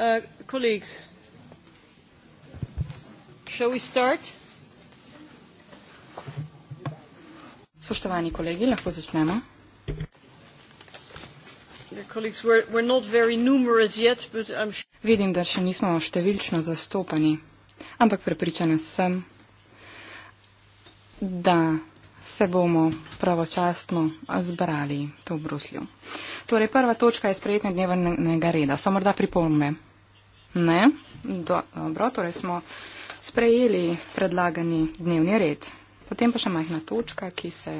Uh, colleagues, shall we start? Spoštovani kolegi, lahko začnemo. Vidim, da še nismo številčno zastopani, ampak prepričana sem, da se bomo pravočasno zbrali to v Bruslju. Torej, prva točka je sprejetne dnevnega reda. So morda pripombe? Ne. Do, dobro, torej smo sprejeli predlagani dnevni red. Potem pa še majhna točka, ki se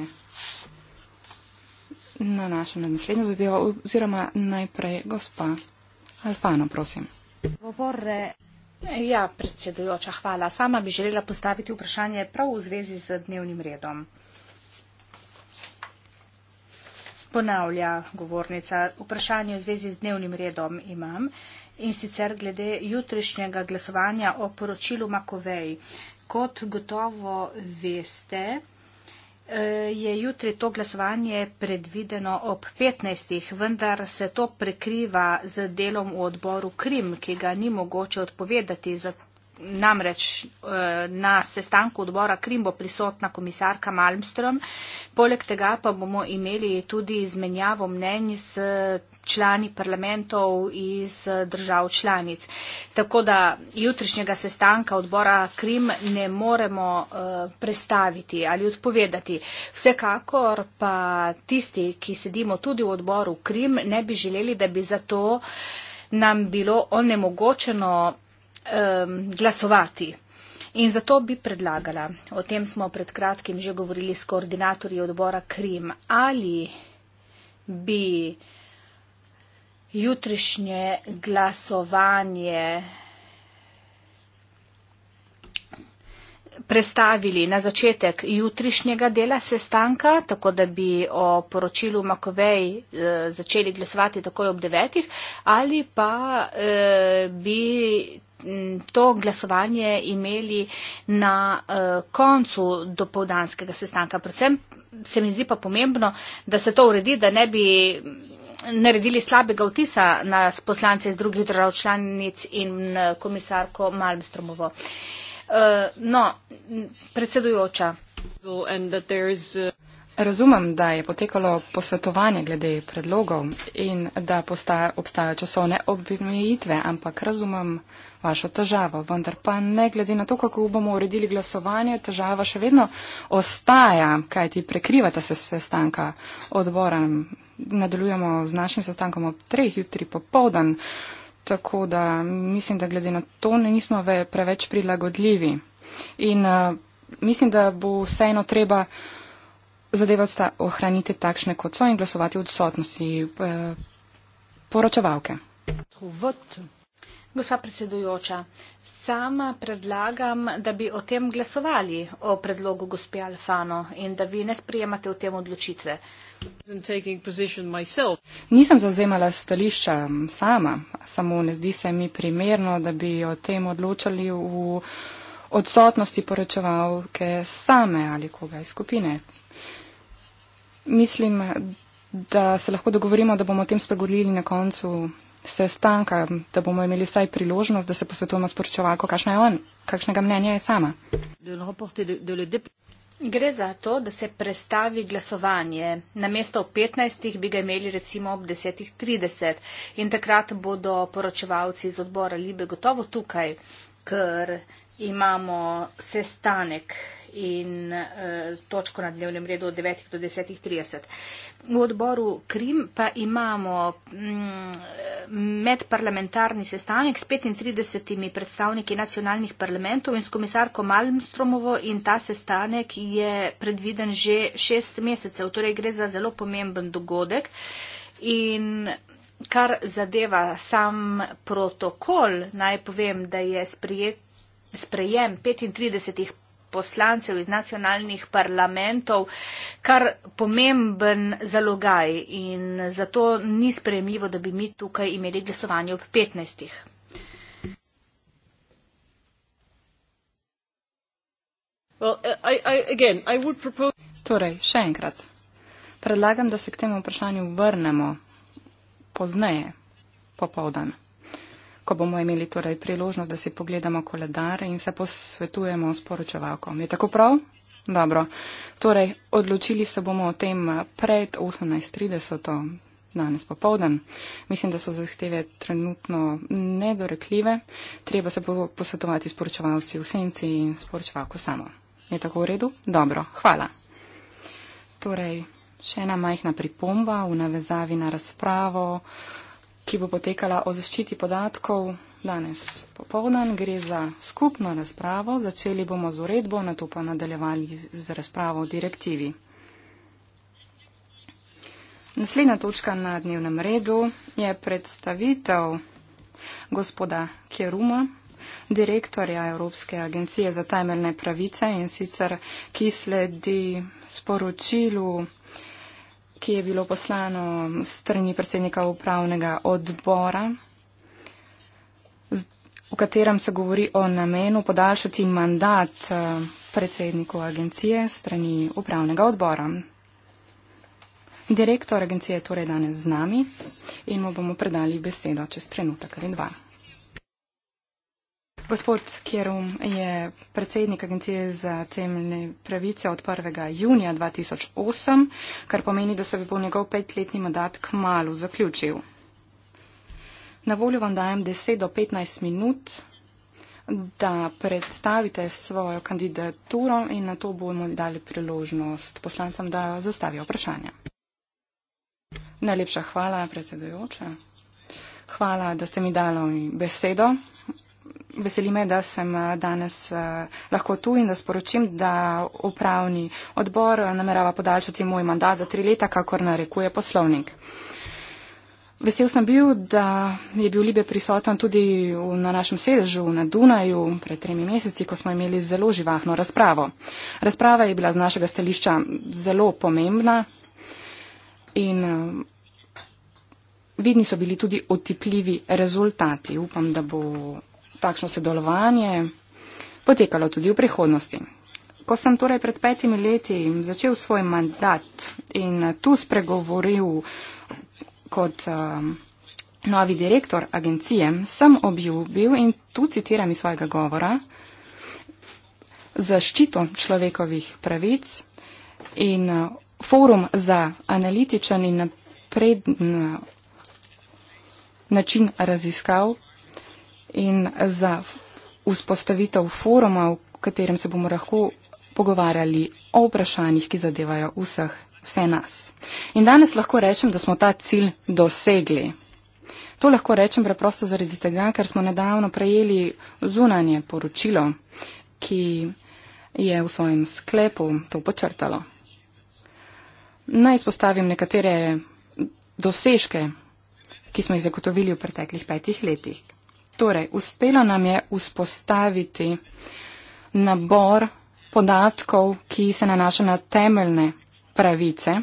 nanaša na naslednjo zadevo, oziroma najprej gospa Alfano, prosim. Govore. Ja, predsedujoča, hvala. Sama bi želela postaviti vprašanje prav v zvezi z dnevnim redom. Ponavlja govornica, vprašanje v zvezi z dnevnim redom imam. Uh, in sicer glede jutrišnjega glasovanja o poročilu Makovej. Kot gotovo veste, eh, je jutri to glasovanje predvideno ob 15. vendar se to prekriva z delom v odboru Krim, ki ga ni mogoče odpovedati, zato namreč eh, na sestanku odbora Krim bo prisotna komisarka Malmström. Poleg tega pa bomo imeli tudi izmenjavo mnenj s člani parlamentov iz držav članic. Tako da jutrišnjega sestanka odbora Krim ne moremo eh, prestaviti ali odpovedati. Vsekakor pa tisti, ki sedimo tudi v odboru Krim, ne bi želeli, da bi zato nam bilo onemogočeno um, glasovati. In zato bi predlagala, o tem smo pred kratkim že govorili s koordinatorji odbora Krim, ali bi jutrišnje glasovanje prestavili na začetek jutrišnjega dela sestanka, tako da bi o poročilu Makovej eh, začeli glasovati takoj ob devetih, ali pa eh, bi to glasovanje imeli na eh, koncu dopoldanskega sestanka. Predvsem se mi zdi pa pomembno, da se to uredi, da ne bi naredili slabega vtisa na poslance iz drugih držav članic in eh, komisarko Malmstromovo. Eh, no, predsedujoča. Uh, razumem, da je potekalo posvetovanje glede predlogov in da obstajajo časovne obmejitve, ampak razumem, vašo težavo. Vendar pa ne glede na to, kako bomo uredili glasovanje, težava še vedno ostaja, kaj ti prekrivata se sestanka odbora. Nadaljujemo z našim sestankom ob treh jutri popovdan, tako da mislim, da glede na to ne nismo ve preveč prilagodljivi. In uh, mislim, da bo vseeno treba zadeve ohraniti takšne, kot so in glasovati v odsotnosti. Uh, poročevalke. Trovote. Gospa predsedujoča, sama predlagam, da bi o tem glasovali, o predlogu gospe Alfano in da vi ne sprijemate v tem odločitve. Nisem zauzemala stališča sama, samo ne zdi se mi primerno, da bi o tem odločali v odsotnosti poročevalke same ali koga iz skupine. Mislim, da se lahko dogovorimo, da bomo o tem spregovorili na koncu sestanka, da bomo imeli vsaj priložnost, da se posvetujemo s poročevalko, kakšna je on, kakšnega mnenja je sama. Gre za to, da se prestavi glasovanje. Na mesto ob 15. bi ga imeli recimo ob 10.30 in takrat bodo poročevalci iz odbora Libe gotovo tukaj, ker imamo sestanek in eh, točko na dnevnem redu od 9 do 10.30. V odboru Krim pa imamo mm, medparlamentarni sestanek s 35 predstavniki nacionalnih parlamentov in s komisarko Malmstromovo in ta sestanek je predviden že šest mesecev, torej gre za zelo pomemben dogodek. In kar zadeva sam protokol, naj povem, da je sprejet, sprejem 35 poslancev iz nacionalnih parlamentov kar pomemben zalogaj in zato ni sprejemljivo, da bi mi tukaj imeli glasovanje ob 15. Well, I, I, again, I propose... Torej, še enkrat. Predlagam, da se k temu vprašanju vrnemo pozneje, popovdan ko bomo imeli torej priložnost, da si pogledamo koledar in se posvetujemo s poročevalkom. Je tako prav? Dobro. Torej, odločili se bomo o tem pred 18.30 danes popovdan. Mislim, da so zahteve trenutno nedorekljive. Treba se bo posvetovati s poročevalci v senci in s poročevalko samo. Je tako v redu? Dobro. Hvala. Torej, še ena majhna pripomba v navezavi na razpravo ki bo potekala o zaščiti podatkov danes popovdan. Gre za skupno razpravo. Začeli bomo z uredbo, na to pa nadaljevali z razpravo o direktivi. Naslednja točka na dnevnem redu je predstavitev gospoda Keruma, direktorja Evropske agencije za temeljne pravice in sicer, ki sledi sporočilu ki je bilo poslano strani predsednika upravnega odbora, v katerem se govori o namenu podaljšati mandat eh, predsedniku agencije strani upravnega odbora. Direktor agencije je torej danes z nami in mu bomo predali besedo čez trenutek ali dva. Gospod Kjerum je predsednik Agencije za temeljne pravice od 1. junija 2008, kar pomeni, da se bo njegov petletni mandat k malu zaključil. Na voljo vam dajem 10 do 15 minut, da predstavite svojo kandidaturo in na to bomo dali priložnost poslancem, da zastavijo vprašanje. Najlepša hvala, predsedujoča. Hvala, da ste mi dali besedo veseli me, da sem eh, danes eh, lahko tu in da sporočim, da upravni odbor eh, namerava podaljšati moj mandat za tri leta, kakor narekuje poslovnik. Vesel sem bil, da je bil Libe prisoten tudi na našem sedežu na Dunaju pred tremi meseci, ko smo imeli zelo živahno razpravo. Razprava je bila z našega stališča zelo pomembna in vidni so bili tudi otipljivi rezultati. Upam, da bo takšno sodelovanje potekalo tudi v prihodnosti. Ko sem torej pred petimi leti začel svoj mandat in tu spregovoril kot um, novi direktor agencije, sem objubil in tu citiram iz svojega govora zaščito človekovih pravic in eh, forum za analitičen in napreden eh, način raziskav in za vzpostavitev foruma, v katerem se bomo lahko pogovarjali o vprašanjih, ki zadevajo vseh, vse nas. In danes lahko rečem, da smo ta cilj dosegli. To lahko rečem preprosto zaradi tega, ker smo nedavno prejeli zunanje poročilo, ki je v svojem sklepu to počrtalo. Naj izpostavim nekatere dosežke, ki smo jih zagotovili v preteklih petih letih. Torej, uspelo nam je vzpostaviti nabor podatkov, ki se nanaša na temeljne pravice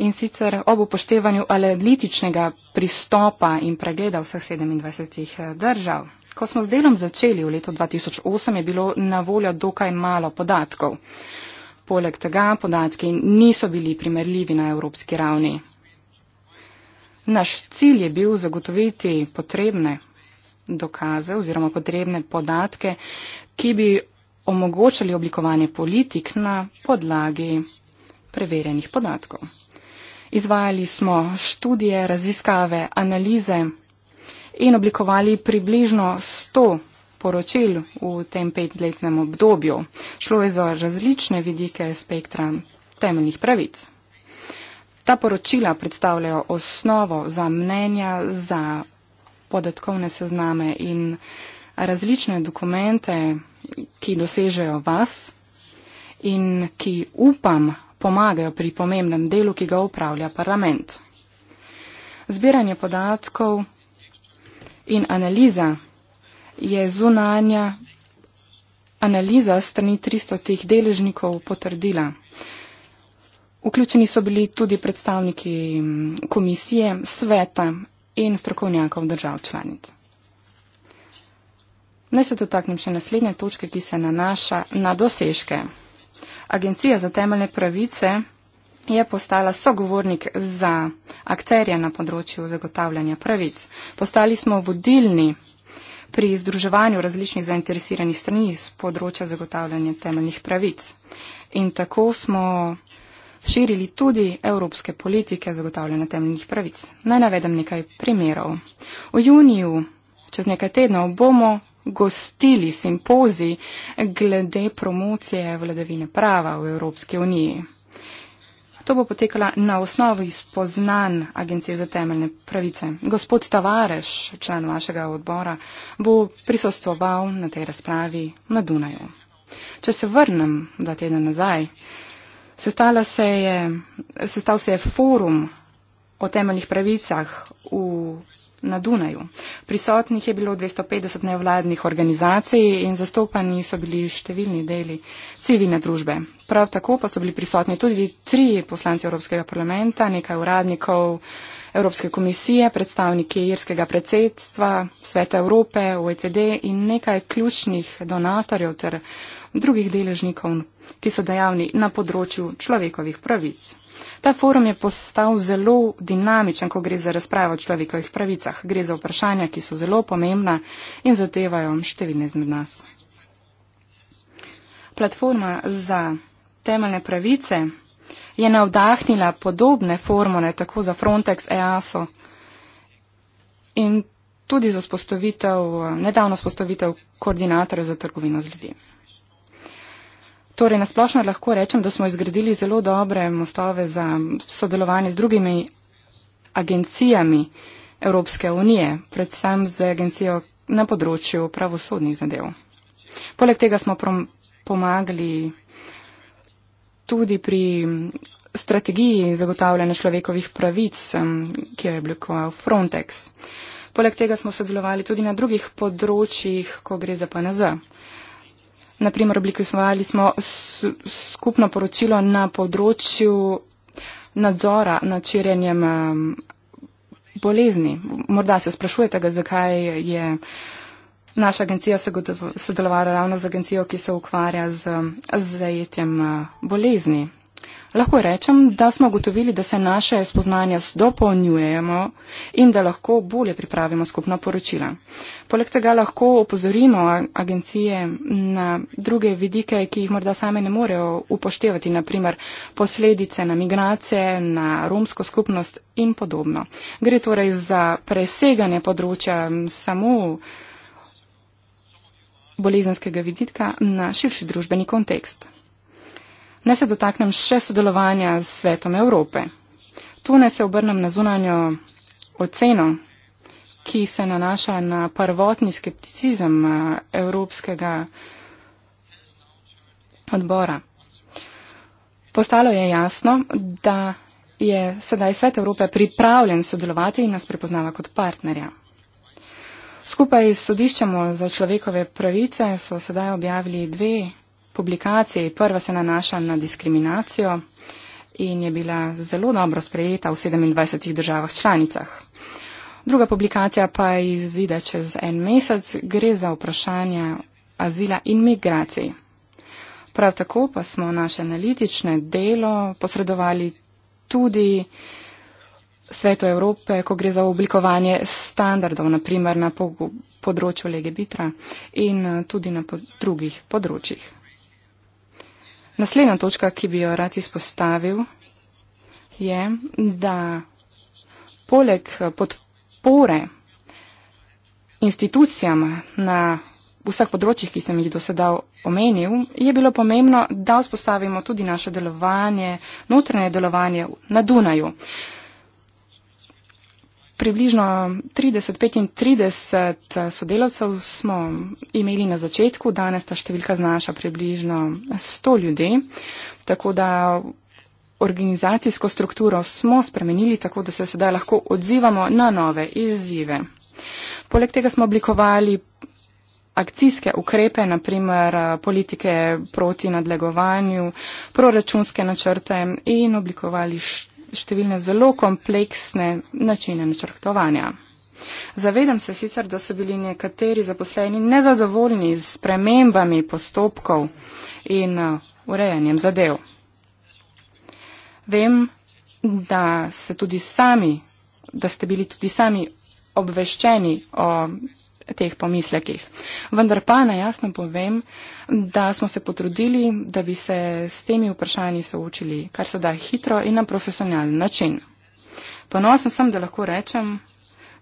in sicer ob upoštevanju analitičnega pristopa in pregleda vseh 27 eh, držav. Ko smo z delom začeli v letu 2008, je bilo na voljo dokaj malo podatkov. Poleg tega podatki niso bili primerljivi na evropski ravni. Naš cilj je bil zagotoviti potrebne dokaze oziroma potrebne podatke, ki bi omogočali oblikovanje politik na podlagi preverjenih podatkov. Izvajali smo študije, raziskave, analize in oblikovali približno 100 poročil v tem petletnem obdobju. Šlo je za različne vidike spektra temeljnih pravic. Ta poročila predstavljajo osnovo za mnenja, za podatkovne sezname in različne dokumente, ki dosežejo vas in ki upam pomagajo pri pomembnem delu, ki ga upravlja parlament. Zbiranje podatkov in analiza je zunanja analiza strani 300 teh deležnikov potrdila. Vključeni so bili tudi predstavniki mm, komisije, sveta in strokovnjakov držav članic. Naj se dotaknem še naslednje točke, ki se nanaša na dosežke. Agencija za temeljne pravice je postala sogovornik za akterje na področju zagotavljanja pravic. Postali smo vodilni pri združevanju različnih zainteresiranih strani z področja zagotavljanja temeljnih pravic. In tako smo širili tudi evropske politike zagotavljanja temeljnih pravic. Naj navedem nekaj primerov. V juniju, čez nekaj tednov, bomo gostili simpozi glede promocije vladavine prava v Evropski uniji. To bo potekala na osnovi spoznan Agencije za temeljne pravice. Gospod Tavareš, član vašega odbora, bo prisostoval na tej razpravi na Dunaju. Če se vrnem dva tedna nazaj, Sestala se je, sestal se je forum o temeljnih pravicah v, na Dunaju. Prisotnih je bilo 250 nevladnih organizacij in zastopani so bili številni deli civilne družbe. Prav tako pa so bili prisotni tudi tri poslanci Evropskega parlamenta, nekaj uradnikov, uh, Evropske komisije, predstavniki irskega predsedstva, Sveta Evrope, OECD in nekaj ključnih donatorjev ter drugih deležnikov, ki so dejavni na področju človekovih pravic. Ta forum je postal zelo dinamičen, ko gre za razpravo o človekovih pravicah. Gre za vprašanja, ki so zelo pomembna in zadevajo številne izmed nas. Platforma za temeljne pravice je navdahnila podobne formule tako za Frontex, EASO in tudi za spostavitev, nedavno spostavitev koordinatorja za trgovino z ljudmi. Torej, nasplošno lahko rečem, da smo izgradili zelo dobre mostove za sodelovanje z drugimi agencijami Evropske unije, predvsem z agencijo na področju pravosodnih zadev. Poleg tega smo pomagali tudi pri strategiji zagotavljanja človekovih pravic, ki jo je oblikoval Frontex. Poleg tega smo sodelovali tudi na drugih področjih, ko gre za PNZ. Naprimer, oblikovali smo skupno poročilo na področju nadzora nad širjenjem bolezni. Morda se sprašujete, zakaj je naša agencija sodelovala ravno z agencijo, ki se ukvarja z, z zajetjem eh, bolezni. Lahko rečem, da smo gotovili, da se naše spoznanja dopolnjujemo in da lahko bolje pripravimo skupna poročila. Poleg tega lahko opozorimo agencije na druge vidike, ki jih morda same ne morejo upoštevati, naprimer posledice na migracije, na romsko skupnost in podobno. Gre torej za preseganje področja samo bolezenskega vidika na širši družbeni kontekst. Ne se dotaknem še sodelovanja z svetom Evrope. Tu ne se obrnem na zunanjo oceno, ki se nanaša na prvotni skepticizem eh, Evropskega odbora. Postalo je jasno, da je sedaj svet Evrope pripravljen sodelovati in nas prepoznava kot partnerja. Skupaj s sodiščem za človekove pravice so sedaj objavili dve publikaciji. Prva se nanaša na diskriminacijo in je bila zelo dobro sprejeta v 27 državah članicah. Druga publikacija pa izide čez en mesec, gre za vprašanje azila in migracij. Prav tako pa smo naše analitične delo posredovali tudi svetu Evrope, ko gre za oblikovanje standardov, naprimer na področju legebitra in tudi na po drugih področjih. Naslednja točka, ki bi jo rad izpostavil, je, da poleg podpore institucijam na vseh področjih, ki sem jih dosedal omenil, je bilo pomembno, da vzpostavimo tudi naše delovanje, notranje delovanje na Dunaju. Približno 30-35 eh, sodelavcev smo imeli na začetku, danes ta številka znaša približno 100 ljudi, tako da organizacijsko strukturo smo spremenili, tako da se sedaj lahko odzivamo na nove izzive. Poleg tega smo oblikovali akcijske ukrepe, naprimer eh, politike proti nadlegovanju, proračunske načrte in oblikovali številne zelo kompleksne načine načrtovanja. Zavedam se sicer, da so bili nekateri zaposleni nezadovoljni z spremembami postopkov in eh, urejanjem zadev. Vem, da, sami, da ste bili tudi sami obveščeni o teh pomislekih. Vendar pa naj jasno povem, da smo se potrudili, da bi se s temi vprašanji soočili kar se da hitro in na profesionalen način. Ponosen sem, da lahko rečem,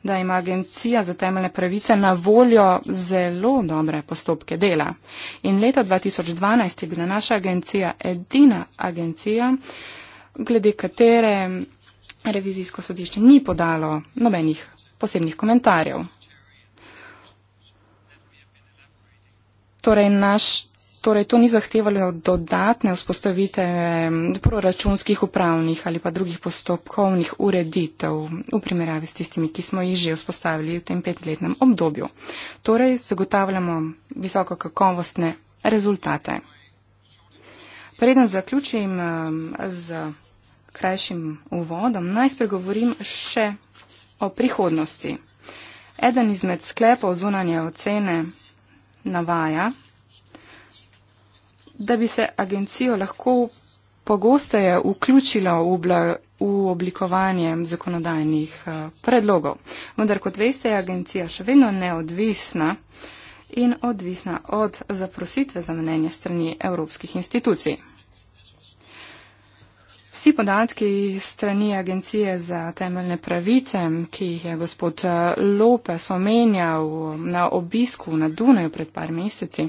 da ima Agencija za temeljne pravice na voljo zelo dobre postopke dela. In leta 2012 je bila naša agencija edina agencija, glede katere revizijsko sodišče ni podalo nobenih posebnih komentarjev. Torej, naš, torej to ni zahtevalo dodatne vzpostavite proračunskih upravnih ali pa drugih postopkovnih ureditev v primerjavi s tistimi, ki smo jih že vzpostavili v tem petletnem obdobju. Torej, zagotavljamo visoko kakovostne rezultate. Preden zaključim z krajšim uvodom, naj spregovorim še o prihodnosti. Eden izmed sklepov zunanje ocene navaja, da bi se agencijo lahko pogosteje vključila v, v oblikovanje zakonodajnih eh, predlogov. Vendar, kot veste, je agencija še vedno neodvisna in odvisna od zaprositve za mnenje strani evropskih institucij. Vsi podatki strani Agencije za temeljne pravice, ki jih je gospod eh, Lopes omenjal na obisku na Dunaju pred par meseci,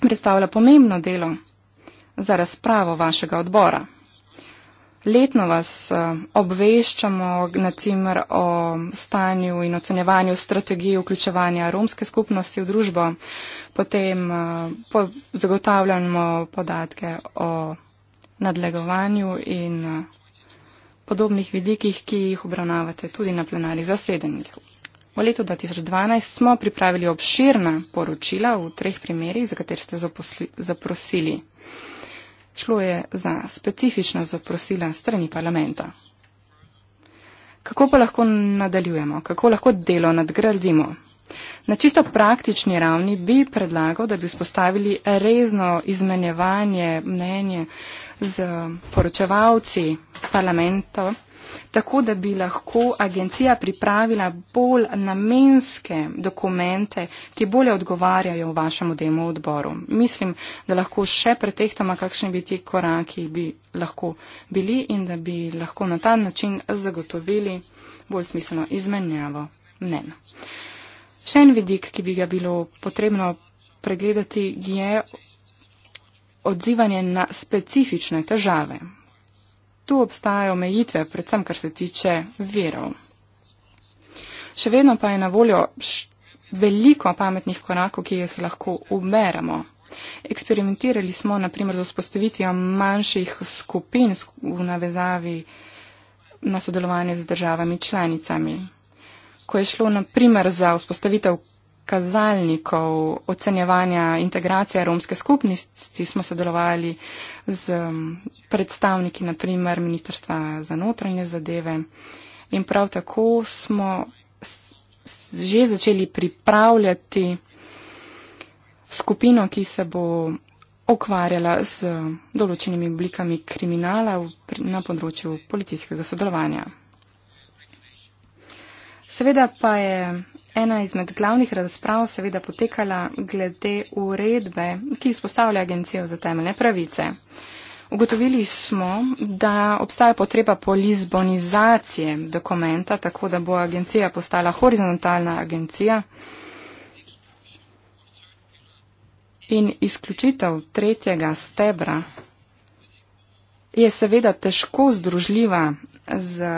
predstavlja pomembno delo za razpravo vašega odbora. Letno vas eh, obveščamo na cimer o stanju in ocenjevanju strategije vključevanja romske skupnosti v družbo, potem eh, zagotavljamo podatke o nadlegovanju in eh, podobnih vidikih, ki jih obravnavate tudi na plenarnih zasedanjih. V letu 2012 smo pripravili obširna poročila v treh primerih, za kater ste zaposli, zaprosili. Šlo je za specifična zaprosila strani parlamenta. Kako pa lahko nadaljujemo? Kako lahko delo nadgradimo? Na čisto praktični ravni bi predlagal, da bi spostavili rezno izmenjevanje mnenje z poročevalci parlamento, tako da bi lahko agencija pripravila bolj namenske dokumente, ki bolje odgovarjajo vašemu demo odboru. Mislim, da lahko še pretehtamo, kakšni bi ti koraki bi lahko bili in da bi lahko na ta način zagotovili bolj smiselno izmenjavo mnenja. Še en vidik, ki bi ga bilo potrebno pregledati, je odzivanje na specifične težave. Tu obstajajo mejitve, predvsem kar se tiče verov. Še vedno pa je na voljo veliko pametnih korakov, ki jih lahko uberemo. Eksperimentirali smo naprimer z vzpostavitvijo manjših skupin v navezavi na sodelovanje z državami članicami ko je šlo naprimer za vzpostavitev kazalnikov ocenjevanja integracije romske skupnosti, smo sodelovali z um, predstavniki naprimer Ministrstva za notranje zadeve in prav tako smo že začeli pripravljati skupino, ki se bo okvarjala z določenimi oblikami kriminala na področju policijskega sodelovanja. Seveda pa je ena izmed glavnih razprav seveda potekala glede uredbe, ki izpostavlja Agencijo za temeljne pravice. Ugotovili smo, da obstaja potreba po lizbonizaciji dokumenta, tako da bo agencija postala horizontalna agencija. In izključitev tretjega stebra je seveda težko združljiva z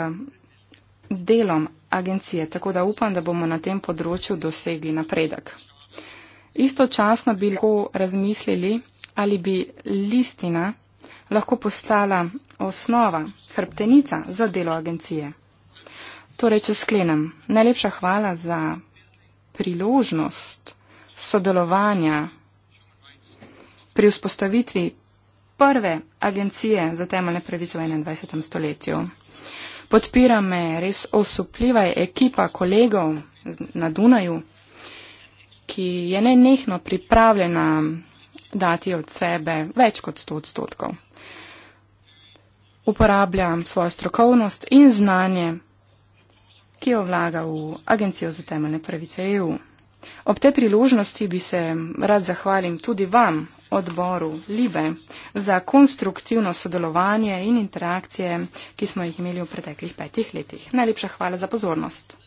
delom agencije, tako da upam, da bomo na tem področju dosegli napredek. Istočasno bi lahko razmislili, ali bi listina lahko postala osnova, hrbtenica za delo agencije. Torej, če sklenem, najlepša hvala za priložnost sodelovanja pri vzpostavitvi prve agencije za temeljne pravice v 21. stoletju podpira me res osupljiva ekipa kolegov na Dunaju, ki je nenehno pripravljena dati od sebe več kot 100 odstotkov. Uporabljam svojo strokovnost in znanje, ki jo vlaga v Agencijo za temeljne pravice EU. Ob te priložnosti bi se rad zahvalim tudi vam, odboru Libe, za konstruktivno sodelovanje in interakcije, ki smo jih imeli v preteklih petih letih. Najlepša hvala za pozornost.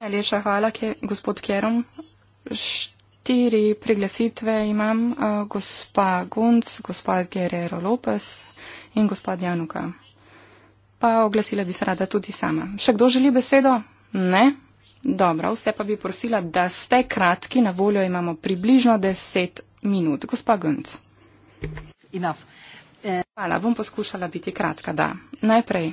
Najlepša hvala, ke, gospod Kerom. Štiri priglasitve imam, uh, gospa Gunc, gospa Guerrero Lopez in gospa Januka. Pa oglasila bi se rada tudi sama. Še kdo želi besedo? Ne. Dobro, vse pa bi prosila, da ste kratki, na voljo imamo približno deset minut. Gospa Gönc. Hvala, bom poskušala biti kratka, da. Najprej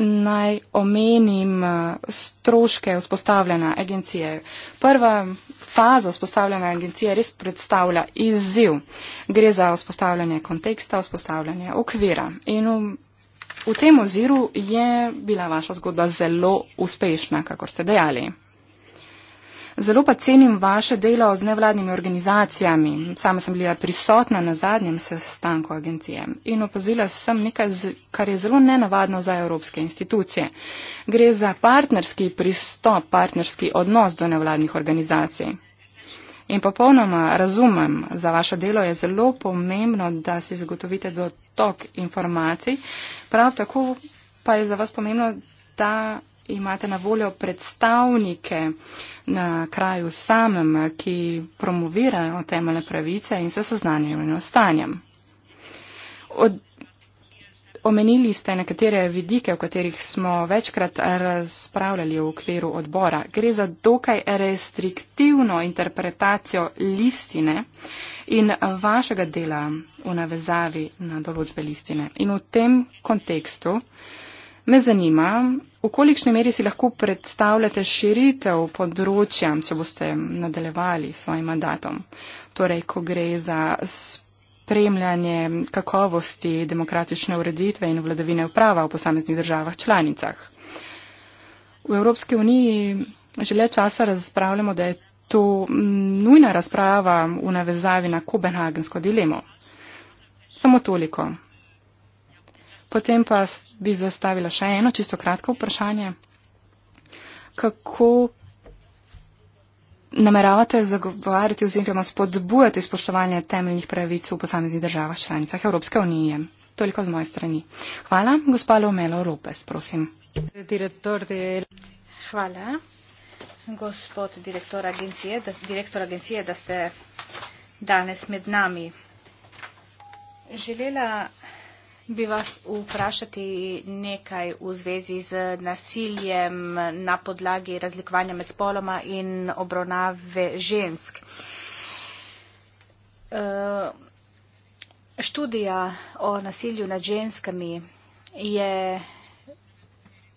naj omenim eh, stroške vzpostavljanja agencije. Prva faza vzpostavljanja agencije res predstavlja izziv. Gre za vzpostavljanje konteksta, vzpostavljanje okvira. In V tem oziru je bila vaša zgodba zelo uspešna, kakor ste dejali. Zelo pa cenim vaše delo z nevladnimi organizacijami. Sama sem bila prisotna na zadnjem sestanku agencije in opazila sem nekaj, kar je zelo nenavadno za evropske institucije. Gre za partnerski pristop, partnerski odnos do nevladnih organizacij. In popolnoma razumem, za vaše delo je zelo pomembno, da si zagotovite do tok informacij. Prav tako pa je za vas pomembno, da imate na voljo predstavnike na kraju samem, ki promovirajo temeljne pravice in se seznanjujo s stanjem. Od Omenili ste nekatere vidike, o katerih smo večkrat razpravljali v okviru odbora. Gre za dokaj restriktivno interpretacijo listine in vašega dela v navezavi na določbe listine. In v tem kontekstu me zanima, v kolikšni meri si lahko predstavljate širitev področja, če boste nadaljevali s svojim mandatom. Torej, ko gre za spoštovanje spremljanje kakovosti demokratične ureditve in vladavine prava v posameznih državah članicah. V Evropski uniji že le časa razpravljamo, da je to mm, nujna razprava v navezavi na kopenhagensko dilemo. Samo toliko. Potem pa bi zastavila še eno čisto kratko vprašanje. Kako nameravate zagovarjati oziroma spodbujati spoštovanje temeljnih pravic v posameznih državah članicah Evropske unije. Toliko z moje strani. Hvala, gospa Lomelo Ropes, prosim. Hvala, gospod direktor agencije, direktor agencije, da ste danes med nami. Želela bi vas vprašati nekaj v zvezi z nasiljem na podlagi razlikovanja med spoloma in obravnave žensk. E, študija o nasilju nad ženskami je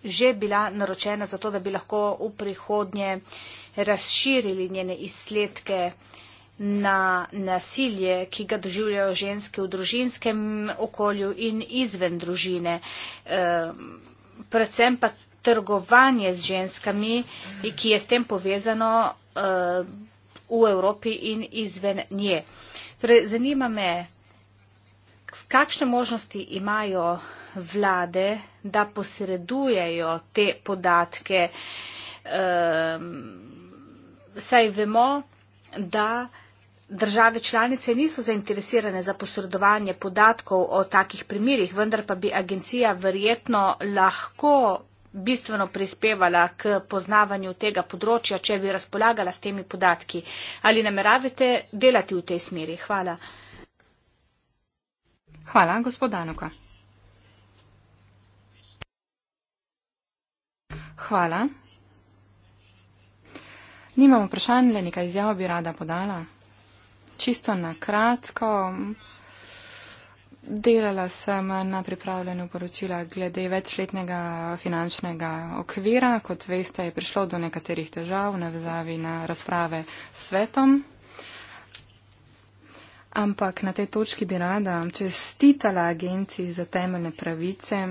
že bila naročena zato, da bi lahko v prihodnje razširili njene izsledke na nasilje, ki ga doživljajo ženske v družinskem okolju in izven družine. Ehm, predvsem pa trgovanje z ženskami, ki je s tem povezano ehm, v Evropi in izven nje. Torej, zanima me, kakšne možnosti imajo vlade, da posredujejo te podatke. Ehm, saj vemo, da države članice niso zainteresirane za posredovanje podatkov o takih primerjih, vendar pa bi agencija verjetno lahko bistveno prispevala k poznavanju tega področja, če bi razpolagala s temi podatki. Ali nameravate delati v tej smeri? Hvala. Hvala, gospod Anuka. Hvala. Nimamo vprašanj, le nekaj izjav bi rada podala čisto na kratko. Delala sem na pripravljanju poročila glede večletnega finančnega okvira. Kot veste, je prišlo do nekaterih težav v navezavi na razprave s svetom. Ampak na tej točki bi rada čestitala agenciji za temeljne pravice,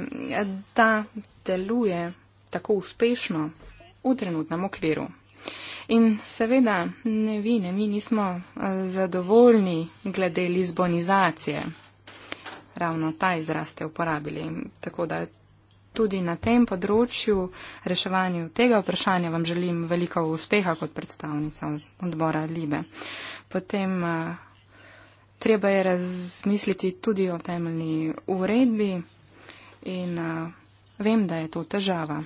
da deluje tako uspešno v trenutnem okviru. In seveda, ne vi, ne mi nismo eh, zadovoljni glede lizbonizacije. Ravno ta izraz ste uporabili. Tako da tudi na tem področju reševanju tega vprašanja vam želim veliko uspeha kot predstavnica odbora Libe. Potem eh, treba je razmisliti tudi o temeljni uredbi in eh, vem, da je to težava.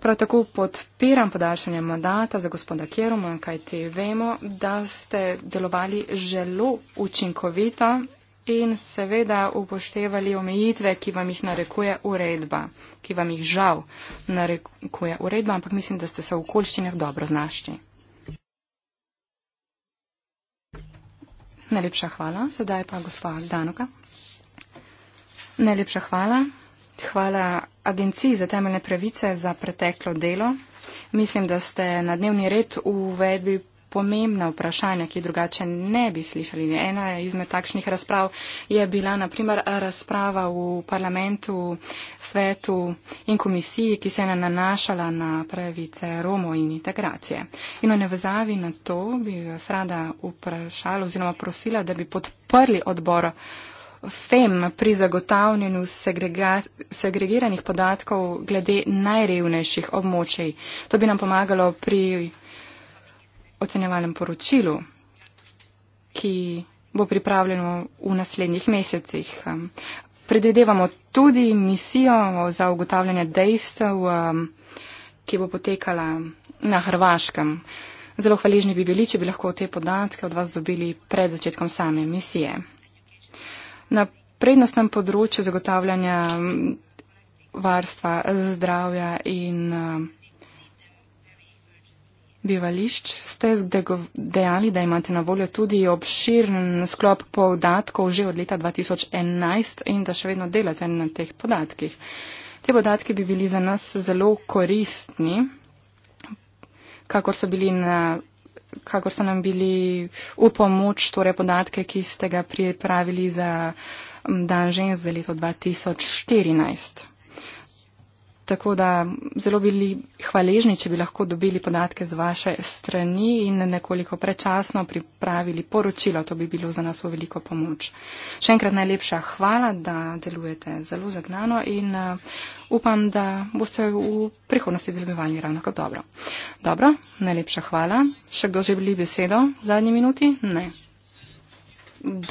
Prav tako podpiram podaljšanje mandata za gospoda Keruma, kajti vemo, da ste delovali zelo učinkovito in seveda upoštevali omejitve, ki vam jih narekuje uredba, ki vam jih žal narekuje uredba, ampak mislim, da ste se v okoliščinah dobro znašli. Najlepša hvala. Sedaj pa gospod Danuka. Najlepša hvala. Hvala Agenciji za temeljne pravice za preteklo delo. Mislim, da ste na dnevni red uvedli pomembna vprašanja, ki drugače ne bi slišali. Ena izmed takšnih razprav je bila naprimer razprava v parlamentu, svetu in komisiji, ki se je nanašala na pravice Romo in integracije. In v nevezavi na to bi vas rada vprašala oziroma prosila, da bi podprli odbor FEM pri zagotavljanju segregiranih podatkov glede najrevnejših območij. To bi nam pomagalo pri ocenjevalnem poročilu, ki bo pripravljeno v naslednjih mesecih. Predvidevamo tudi misijo za ugotavljanje dejstev, um, ki bo potekala na Hrvaškem. Zelo hvaležni bi bili, če bi lahko te podatke od vas dobili pred začetkom same misije na prednostnem področju zagotavljanja varstva zdravja in bivališč. Ste dejali, da imate na voljo tudi obširen sklop podatkov že od leta 2011 in da še vedno delate na teh podatkih. Te podatke bi bili za nas zelo koristni, kakor so bili na kakor so nam bili v pomoč, torej podatke, ki ste ga pripravili za dan žensk za leto 2014. Tako da zelo bili hvaležni, če bi lahko dobili podatke z vaše strani in nekoliko prečasno pripravili poročilo. To bi bilo za nas v veliko pomoč. Še enkrat najlepša hvala, da delujete zelo zagnano in eh, upam, da boste v prihodnosti delovali ravno kot dobro. Dobro, najlepša hvala. Še kdo želi besedo v zadnji minuti? Ne.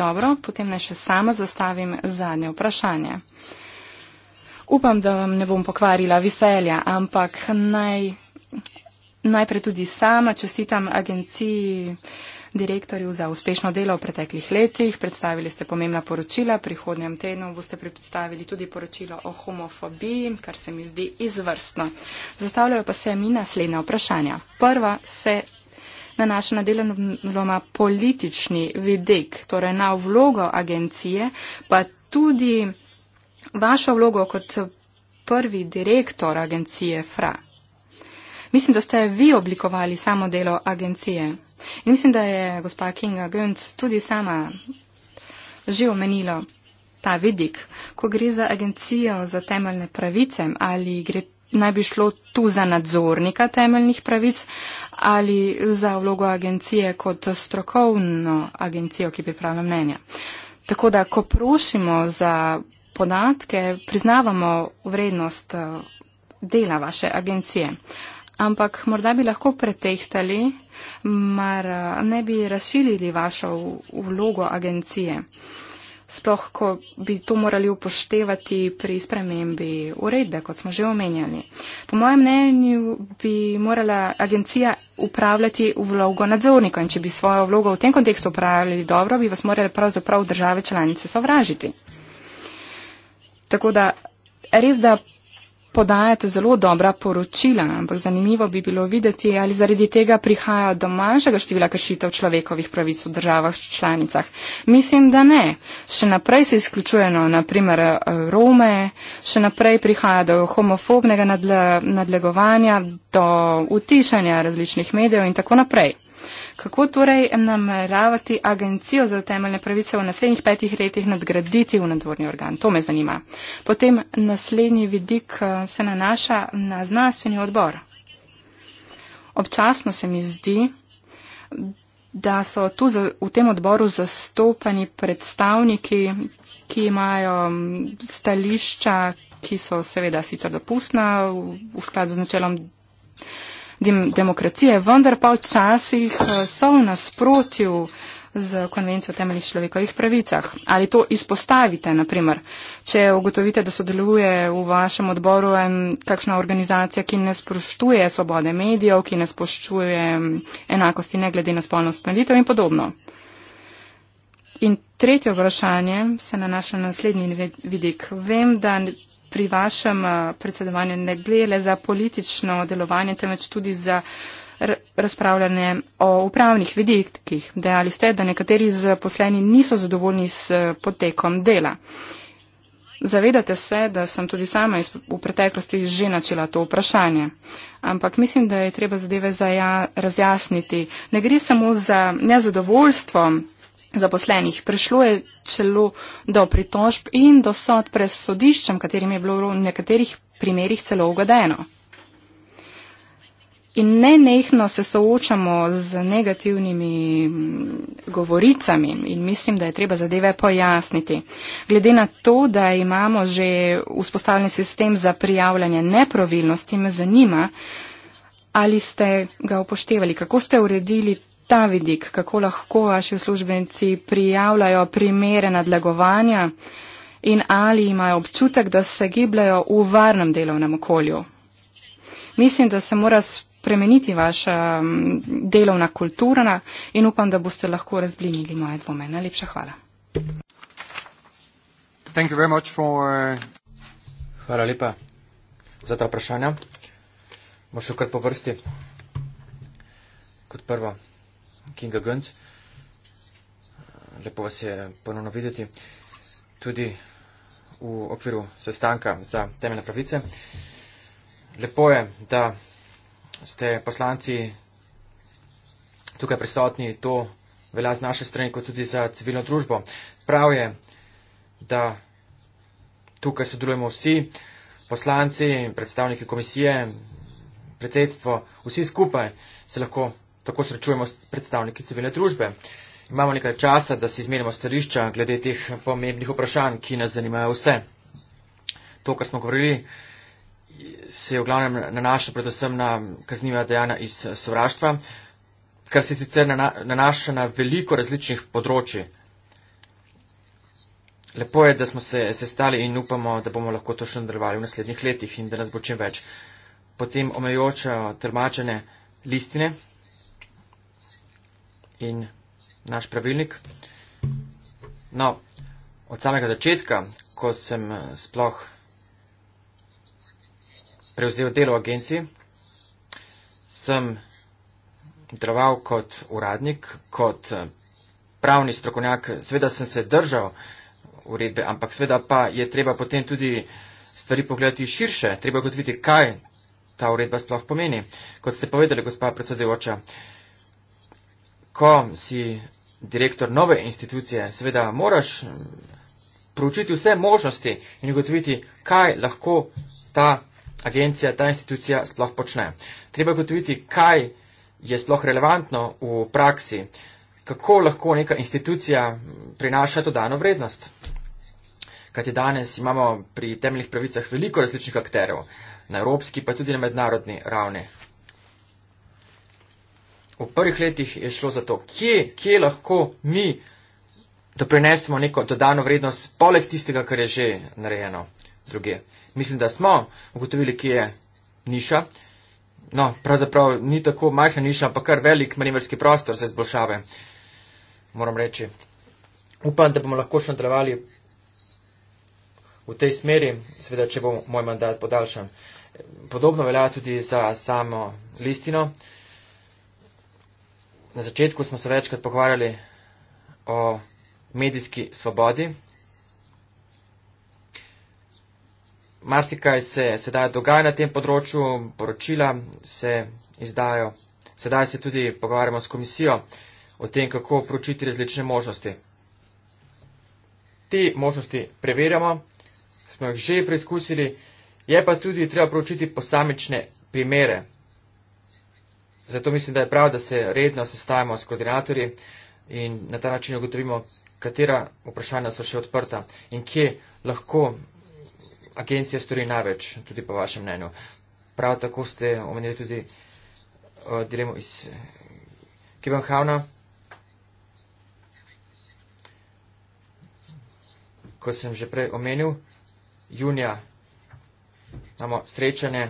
Dobro, potem naj še sama zastavim zadnje vprašanje. Upam, da vam ne bom pokvarila veselja, ampak naj, najprej tudi sama čestitam agenciji direktorju za uspešno delo v preteklih letih. Predstavili ste pomembna poročila, prihodnjem tednu boste predstavili tudi poročilo o homofobiji, kar se mi zdi izvrstno. Zastavljajo pa se mi naslednja vprašanja. Prva se nanaša na deloma politični vidik, torej na vlogo agencije, pa tudi vašo vlogo kot prvi direktor agencije FRA. Mislim, da ste vi oblikovali samo delo agencije. In mislim, da je gospa Kinga Gönc tudi sama že omenila ta vidik, ko gre za agencijo za temeljne pravice, ali gre, naj bi šlo tu za nadzornika temeljnih pravic ali za vlogo agencije kot strokovno agencijo, ki pripravlja mnenja. Tako da, ko prosimo za podatke, priznavamo vrednost eh, dela vaše agencije. Ampak morda bi lahko pretehtali, mar eh, ne bi razširili vašo vlogo agencije. Sploh, ko bi to morali upoštevati pri spremembi uredbe, kot smo že omenjali. Po mojem mnenju bi morala agencija upravljati vlogo nadzornika in če bi svojo vlogo v tem kontekstu upravljali dobro, bi vas morali pravzaprav države članice sovražiti. Tako da res, da podajate zelo dobra poročila, ampak zanimivo bi bilo videti, ali zaradi tega prihaja do manjšega števila kršitev človekovih pravic v državah članicah. Mislim, da ne. Še naprej se izključujejo, naprimer, Rome, še naprej prihaja do homofobnega nadle nadlegovanja, do utišanja različnih medijev in tako naprej. Kako torej nameravati agencijo za temeljne pravice v naslednjih petih letih nadgraditi v nadvorni organ? To me zanima. Potem naslednji vidik eh, se nanaša na znanstveni odbor. Občasno se mi zdi, da so tu za, v tem odboru zastopani predstavniki, ki imajo mm, stališča, ki so seveda sicer dopustna v, v skladu z načelom demokracije, vendar pa včasih eh, so v nasprotju z konvencijo o temeljih človekovih pravicah. Ali to izpostavite, naprimer, če ugotovite, da sodeluje v vašem odboru en, kakšna organizacija, ki ne spoštuje svobode medijev, ki ne spoštuje mm, enakosti ne glede na spolno spremenitev in podobno. In tretje vprašanje se nanaša na naslednji vidik. Vem, da pri vašem eh, predsedovanju ne gre le za politično delovanje, temveč tudi za razpravljanje o upravnih vidikih. Dejali ste, da nekateri zaposleni niso zadovoljni s eh, potekom dela. Zavedate se, da sem tudi sama v preteklosti že načela to vprašanje. Ampak mislim, da je treba zadeve zaja, razjasniti. Ne gre samo za nezadovoljstvo zaposlenih. Prešlo je čelo do pritožb in do sod pred sodiščem, katerim je bilo v nekaterih primerjih celo ugodeno. In ne nehno se soočamo z negativnimi mm, govoricami in mislim, da je treba zadeve pojasniti. Glede na to, da imamo že vzpostavljen sistem za prijavljanje nepravilnosti, me zanima, ali ste ga upoštevali, kako ste uredili ta vidik, kako lahko vaši uslužbenci prijavljajo primere nadlegovanja in ali imajo občutek, da se gibljajo v varnem delovnem okolju. Mislim, da se mora spremeniti vaša delovna kultura in upam, da boste lahko razblinili moje dvome. Najlepša hvala. Uh, hvala lepa za ta vprašanja. Moš jo kar po vrsti. Kot prvo, Kinga Gunc. Lepo vas je ponovno videti tudi v okviru sestanka za temeljne pravice. Lepo je, da ste poslanci tukaj prisotni. To velja z naše strani, kot tudi za civilno družbo. Prav je, da tukaj sodelujemo vsi poslanci, predstavniki komisije, predsedstvo, vsi skupaj se lahko tako srečujemo s predstavniki civilne družbe. Imamo nekaj časa, da si izmenimo stališča glede teh pomembnih vprašanj, ki nas zanimajo vse. To, kar smo govorili, se je v glavnem nanaša predvsem na kaznjiva dejanja iz sovraštva, kar se sicer nanaša na veliko različnih področji. Lepo je, da smo se sestali in upamo, da bomo lahko to še nadaljevali v naslednjih letih in da nas bo čim več. Potem omejoča trmačene listine in naš pravilnik. No, od samega začetka, ko sem eh, sploh prevzel delo v agenciji, sem deloval kot uradnik, kot eh, pravni strokovnjak. Sveda sem se držal uredbe, ampak sveda pa je treba potem tudi stvari pogledati širše. Treba je kot videti, kaj ta uredba sploh pomeni. Kot ste povedali, gospa predsedujoča, uh, ko si direktor nove institucije, seveda moraš mm, proučiti vse možnosti in ugotoviti, kaj lahko ta agencija, ta institucija sploh počne. Treba ugotoviti, kaj je sploh relevantno v praksi, kako lahko neka institucija mm, prinaša to dano vrednost. Kajti danes imamo pri temeljnih pravicah veliko različnih akterov, na evropski pa tudi na mednarodni ravni v prvih letih je šlo za to, kje, kje lahko mi doprinesemo neko dodano vrednost poleg tistega, kar je že narejeno druge. Mislim, da smo ugotovili, kje je niša. No, pravzaprav ni tako majhna niša, ampak kar velik manevrski prostor za izboljšave, moram reči. Upam, da bomo lahko še nadaljevali v tej smeri, seveda, če bo moj mandat podaljšan. Podobno velja tudi za samo listino. Na začetku smo se večkrat pogovarjali o medijski svobodi. Marsikaj se sedaj dogaja na tem področju, poročila se izdajo. Sedaj se tudi pogovarjamo s komisijo o tem, kako pročiti različne možnosti. Te možnosti preverjamo, smo jih že preizkusili, je pa tudi treba pročiti posamične primere. Zato mislim, da je prav, da se redno sestajamo s koordinatorji in na ta način ugotovimo, katera vprašanja so še odprta in kje lahko agencija stori največ, tudi po vašem mnenju. Prav tako ste omenili tudi uh, dilemo iz Kibanhavna. Kot sem že prej omenil, junija imamo srečanje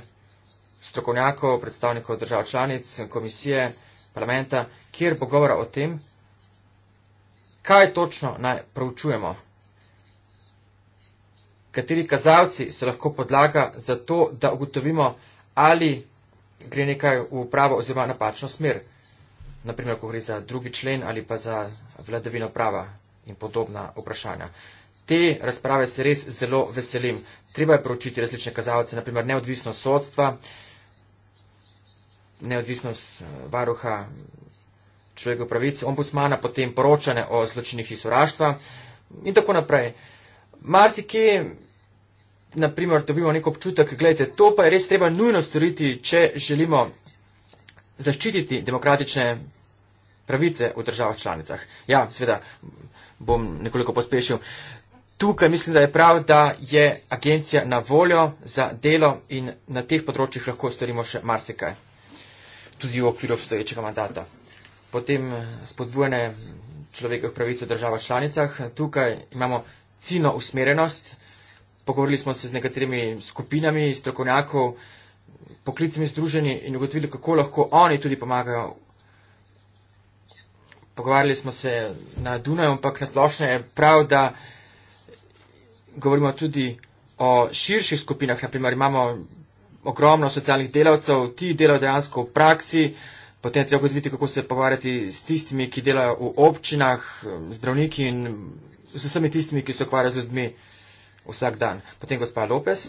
strokovnjakov, predstavnikov držav članic, komisije, parlamenta, kjer bo govora o tem, kaj točno naj proučujemo, kateri kazalci se lahko podlaga za to, da ugotovimo, ali gre nekaj v pravo oziroma napačno smer. Naprimer, ko gre za drugi člen ali pa za vladavino prava in podobna vprašanja. Te razprave se res zelo veselim. Treba je proučiti različne kazalce, naprimer neodvisnost sodstva, uh, neodvisnost eh, varuha človekovih pravic, ombudsmana, potem poročanje o zločinih iz uraštva in tako naprej. Marsikje, naprimer, dobimo nek občutek, gledajte, to pa je res treba nujno storiti, če želimo zaščititi demokratične pravice v državah članicah. Ja, seveda, bom nekoliko pospešil. Tukaj mislim, da je prav, da je agencija na voljo za delo in na teh področjih lahko storimo še marsikaj tudi v okviru obstoječega mandata. Potem eh, spodbujene človekov pravice v državah članicah. Tukaj imamo ciljno usmerenost. Pogovorili smo se z nekaterimi skupinami, strokovnjakov, poklicami združeni in ugotovili, kako lahko oni tudi pomagajo. Pogovarjali smo se na Dunaju, ampak nasplošno je prav, da govorimo tudi o širših skupinah. Naprimer, imamo ogromno socialnih delavcev, ti delajo dejansko v praksi, potem treba ugotoviti, kako se pogovarjati s tistimi, ki delajo v občinah, zdravniki in z vsemi tistimi, ki se ukvarjajo z ljudmi vsak dan. Potem gospa Lopes,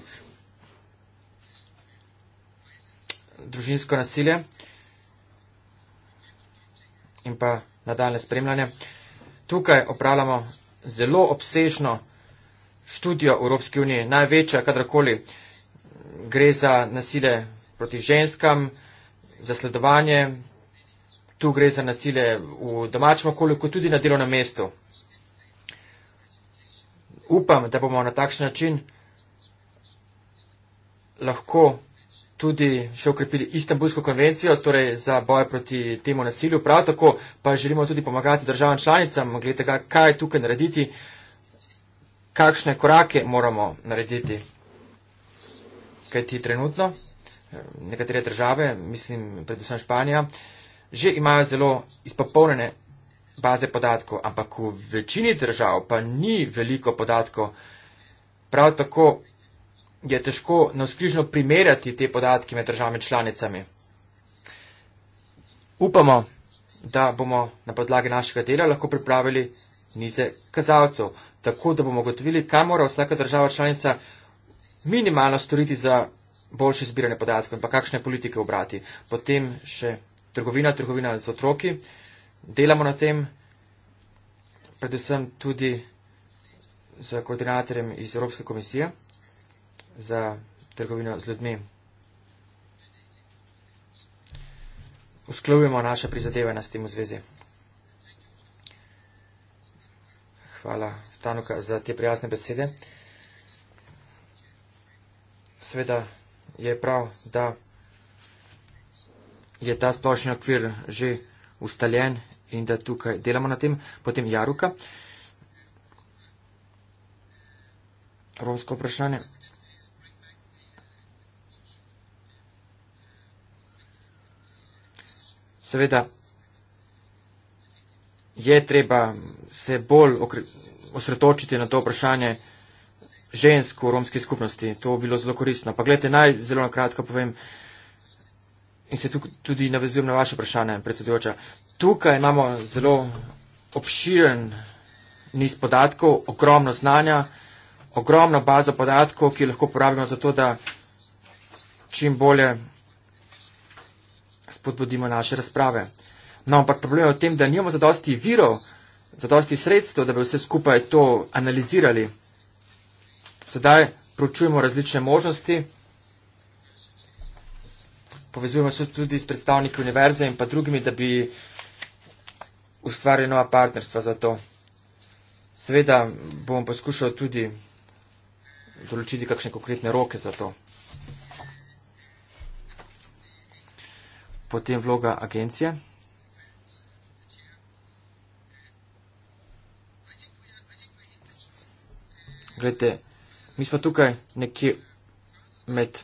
družinsko nasilje in pa nadaljne spremljanje. Tukaj opravljamo zelo obsežno študijo v Evropski uniji, največja kadarkoli gre za nasile proti ženskam, zasledovanje, tu gre za nasile v domačem okolju, kot tudi na delovnem mestu. Upam, da bomo na takšen način lahko tudi še ukrepili Istanbulsko konvencijo, torej za boj proti temu nasilju. Prav tako pa želimo tudi pomagati državam članicam, glede tega, kaj je tukaj narediti, kakšne korake moramo narediti. Kaj ti trenutno? Eh, nekatere države, mislim predvsem Španija, že imajo zelo izpopolnjene baze podatkov, ampak v večini držav pa ni veliko podatkov. Prav tako je težko navskrižno primerjati te podatke med državami članicami. Upamo, da bomo na podlagi našega dela lahko pripravili nize kazalcev, tako da bomo gotovili, kam mora vsaka država članica minimalno storiti za boljše zbiranje podatkov in pa kakšne politike obrati. Potem še trgovina, trgovina z otroki. Delamo na tem, predvsem tudi z koordinatorjem iz Evropske komisije za trgovino z ljudmi. Usklovujemo naše prizadevanja s tem v zvezi. Hvala, Stanuka, za te prijazne besede sveda je prav, da je ta splošni okvir že ustaljen in da tukaj delamo na tem. Potem Jaruka. Romsko vprašanje. Seveda je treba se bolj osredotočiti na to vprašanje, žensk v romski skupnosti. To bi bilo zelo koristno. Pa gledajte, naj zelo na kratko povem in se tudi navezujem na vaše vprašanje, predsedujoča. Tukaj imamo zelo obširen niz podatkov, ogromno znanja, ogromno bazo podatkov, ki lahko uporabimo za to, da čim bolje spodbudimo naše razprave. No, ampak problem je v tem, da nimamo zadosti virov, zadosti sredstev, da bi vse skupaj to analizirali. Sedaj pročujemo različne možnosti. Povezujemo se tudi s predstavniki univerze in pa drugimi, da bi ustvarili nova partnerstva za to. Seveda bom poskušal tudi določiti kakšne konkretne roke za to. Potem vloga agencije. Gledajte, Mi smo tukaj nekje med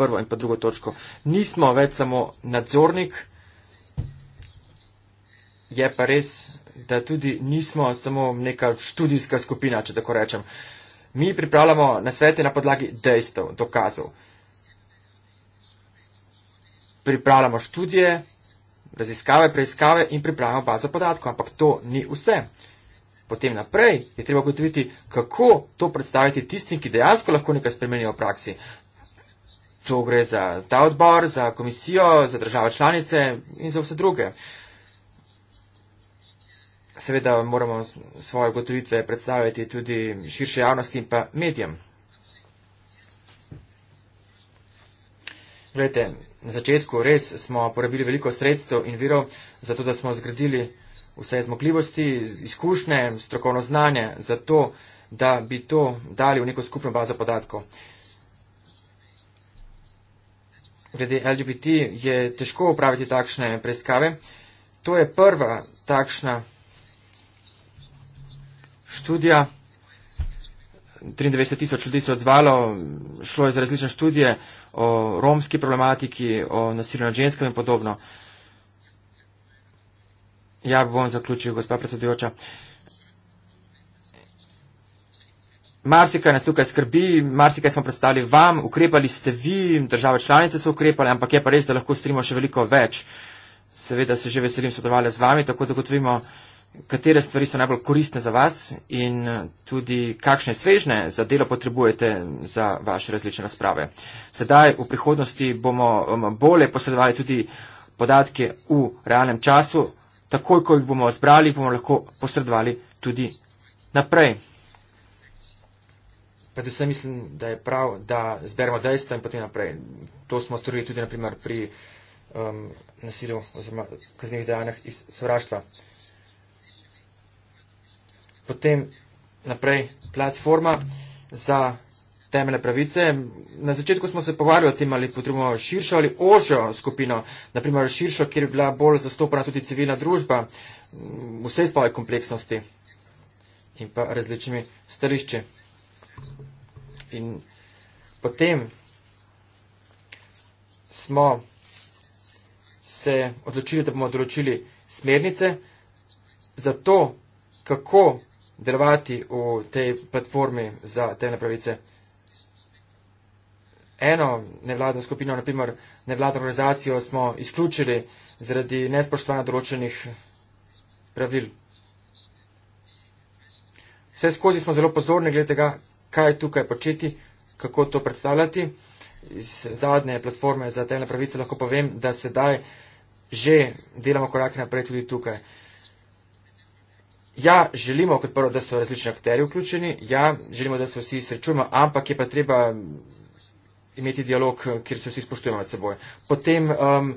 prvo in pa drugo točko. Nismo več samo nadzornik, je pa res, da tudi nismo samo neka študijska skupina, če tako rečem. Mi pripravljamo na svete na podlagi dejstev, dokazov. Pripravljamo študije, raziskave, preiskave in pripravljamo bazo podatkov, ampak to ni vse. Potem naprej je treba ugotoviti, kako to predstaviti tistim, ki dejansko lahko nekaj spremenijo v praksi. To gre za ta odbor, za komisijo, za države članice in za vse druge. Seveda moramo svoje ugotovitve predstaviti tudi širše javnosti in pa medijem. Glede, na začetku res smo porabili veliko sredstev in virov, zato da smo zgradili vse zmogljivosti, izkušnje, strokovno znanje za to, da bi to dali v neko skupno bazo podatkov. Glede LGBT je težko upraviti takšne preiskave. To je prva takšna študija. 93 tisoč ljudi se odzvalo, šlo je za različne študije o romski problematiki, o nasilju nad ženskami in podobno. Uh, Ja bom zaključil, gospa predsedujoča. Marsikaj nas tukaj skrbi, marsikaj smo predstavili vam, ukrepali ste vi, države članice so ukrepali, ampak je pa res, da lahko strimo še veliko več. Seveda se že veselim sodelovati z vami, tako da gotovimo, katere stvari so najbolj koristne za vas in tudi kakšne svežne za delo potrebujete za vaše različne razprave. Sedaj v prihodnosti bomo um, bolje posredovali tudi podatke v realnem času, takoj, ko jih bomo zbrali, bomo lahko posredovali tudi naprej. Predvsem mislim, da je prav, da zberemo dejstva in potem naprej. To smo storili tudi naprimer pri um, nasilju oziroma kaznjih dejanjah iz sovraštva. Potem naprej platforma za temeljne pravice. Na začetku smo se pogovarjali o tem, ali potrebujemo širšo ali ožjo skupino, naprimer širšo, kjer bi bila bolj zastopana tudi civilna družba, vse svoje kompleksnosti in pa različnimi stališči. In potem smo se odločili, da bomo določili smernice za to, kako delovati v tej platformi za temne pravice eno nevladno skupino, naprimer nevladno organizacijo, smo izključili zaradi nespoštovanja določenih pravil. Vse skozi smo zelo pozorni glede tega, kaj tukaj početi, kako to predstavljati. Iz zadnje platforme za telne pravice lahko povem, da sedaj že delamo korake naprej tudi tukaj. Ja, želimo kot prvo, da so različni akteri vključeni, ja, želimo, da se vsi srečujemo, ampak je pa treba imeti dialog, eh, kjer se vsi spoštujemo med seboj. Potem um,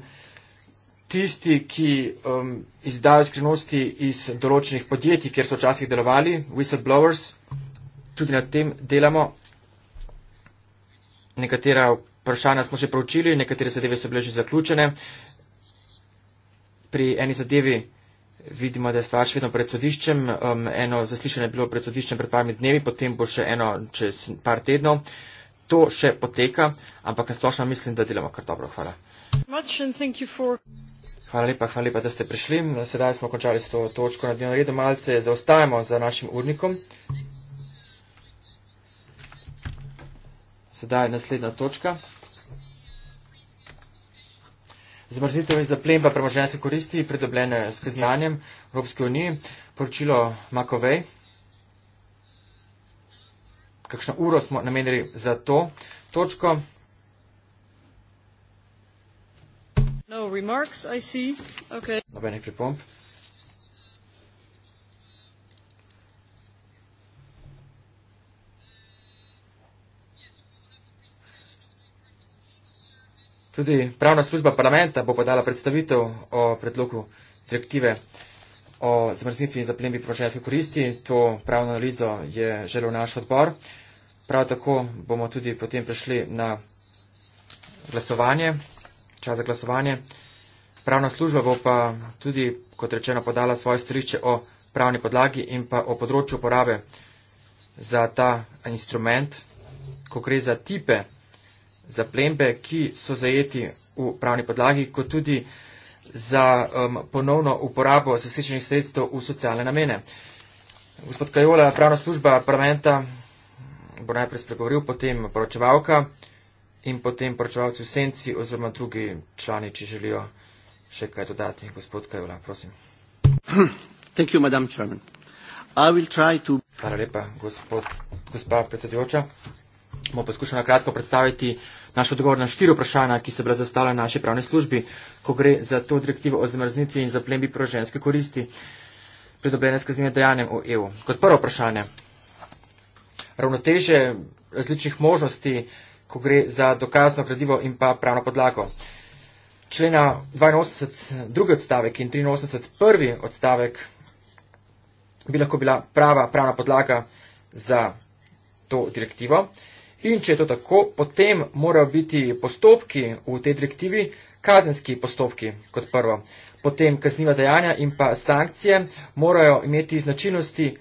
tisti, ki um, izdajo skrivnosti iz določenih podjetij, kjer so včasih delovali, whistleblowers, tudi nad tem delamo. Nekatera vprašanja smo že preučili, nekatere zadeve so bile že zaključene. Pri eni zadevi vidimo, da je stvar še vedno pred sodiščem. Um, eno zaslišanje je bilo pred sodiščem pred parmi dnevi, potem bo še eno čez par tednov to še poteka, ampak splošno mislim, da delamo kar dobro. Hvala. Hvala lepa, hvala lepa, da ste prišli. Sedaj smo končali s to točko na dnevnem redu. Malce zaostajamo za našim urnikom. Sedaj naslednja točka. Zmrzitev in zaplemba premoženja se koristi pridobljene s kaznanjem Evropske unije. Poročilo Makovej kakšno uro smo namenili za to točko. No remarks, I see. Okay. Nobenih pripomb. Tudi pravna služba parlamenta bo podala predstavitev o predlogu direktive o zamrznitvi in zaplembi proženjske koristi. To pravno analizo je želel naš odbor. Prav tako bomo tudi potem prišli na glasovanje, čas za glasovanje. Pravna služba bo pa tudi, kot rečeno, podala svoje stališče o pravni podlagi in pa o področju uporabe za ta instrument, ko gre za tipe za plembe, ki so zajeti v pravni podlagi, kot tudi za um, ponovno uporabo zasečenih sredstev v socialne namene. Gospod Kajola, pravna služba parlamenta bo najprej spregovoril, potem poročevalka in potem poročevalci v senci oziroma drugi člani, če želijo še kaj dodati. Gospod Kajola, prosim. You, to... Hvala lepa, gospod, gospa predsedujoča. Bomo poskušali na kratko predstaviti naš odgovor na štiri vprašanja, ki so bila zastavljena naši pravni službi, ko gre za to direktivo o zamrznitvi in zaplembi proženske koristi, pridobljene s kaznjenim dejanjem v EU. Kot prvo vprašanje, ravnoteže različnih možnosti, ko gre za dokazno gradivo in pa pravno podlago. Člena 82. drugi odstavek in 83. prvi odstavek bi lahko bila prava pravna podlaga za to direktivo. In če je to tako, potem morajo biti postopki v tej direktivi kazenski postopki kot prvo. Potem kazniva dejanja in pa sankcije morajo imeti značilnosti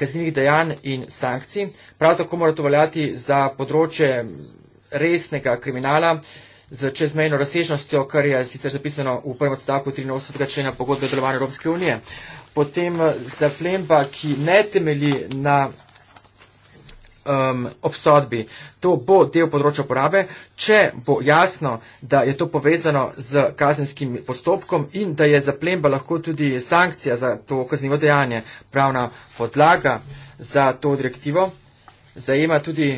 kaznjivih dejanj in sankcij. Prav tako mora to veljati za področje resnega kriminala z čezmejno razsežnostjo, kar je sicer zapisano v prvem odstavku 83. člena pogodbe o delovanju Evropske unije. Potem eh, zaplemba, ki ne temelji na um, obsodbi. To bo del področja uporabe, če bo jasno, da je to povezano z kazenskim postopkom in da je zaplemba lahko tudi sankcija za to kaznivo dejanje. Pravna podlaga za to direktivo zajema tudi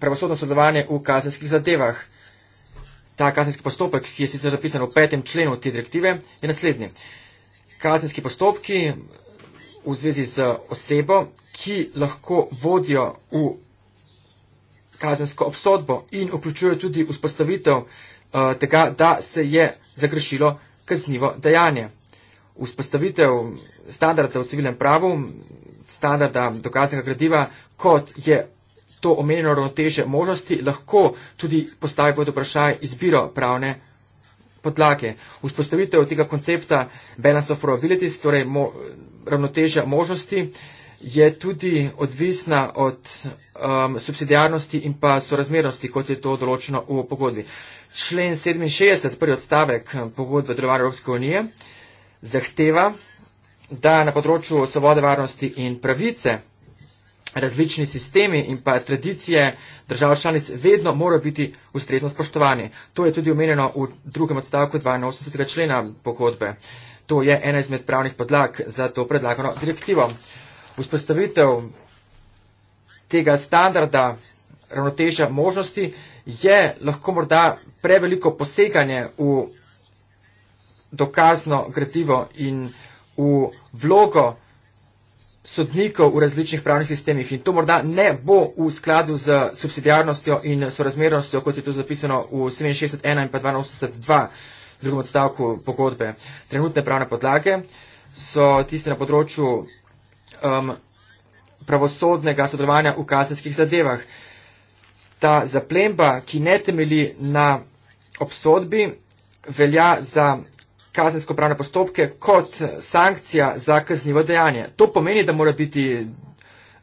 pravosodno sodelovanje v kazenskih zadevah. Ta kazenski postopek, ki je sicer zapisan v petem členu te direktive, je naslednji. Kazenski postopki v zvezi z osebo, ki lahko vodijo v kazensko obsodbo in vključujejo tudi vzpostavitev uh, tega, da se je zagrešilo kaznivo dejanje. Vzpostavitev standarda v civilnem pravu, standarda dokaznega gradiva, kot je to omenjeno ravnoteže možnosti, lahko tudi postavi pod vprašaj izbiro pravne podlage. Vzpostavitev tega koncepta balance of probabilities, torej mo, ravnotežja možnosti, je tudi odvisna od um, subsidijarnosti in pa sorazmernosti, kot je to določeno v pogodbi. Člen 67, prvi odstavek um, pogodbe delovanja Evropske unije, zahteva, da na področju svobode, varnosti in pravice različni sistemi in pa tradicije držav članic vedno morajo biti ustrezno spoštovani. To je tudi omenjeno v drugem odstavku 82. člena pogodbe. To je ena izmed pravnih podlag za to predlagano direktivo. Vzpostavitev tega standarda ravnoteža možnosti je lahko morda preveliko poseganje v dokazno gradivo in v vlogo sodnikov v različnih pravnih sistemih in to morda ne bo v skladu z subsidijarnostjo in sorazmernostjo, kot je to zapisano v 67.1 in pa 82.2 drugem odstavku pogodbe. Trenutne pravne podlage so tiste na področju um, pravosodnega sodelovanja v kazenskih zadevah. Ta zaplemba, ki ne temeli na obsodbi, velja za kazensko pravne postopke kot sankcija za kaznivo dejanje. To pomeni, da mora biti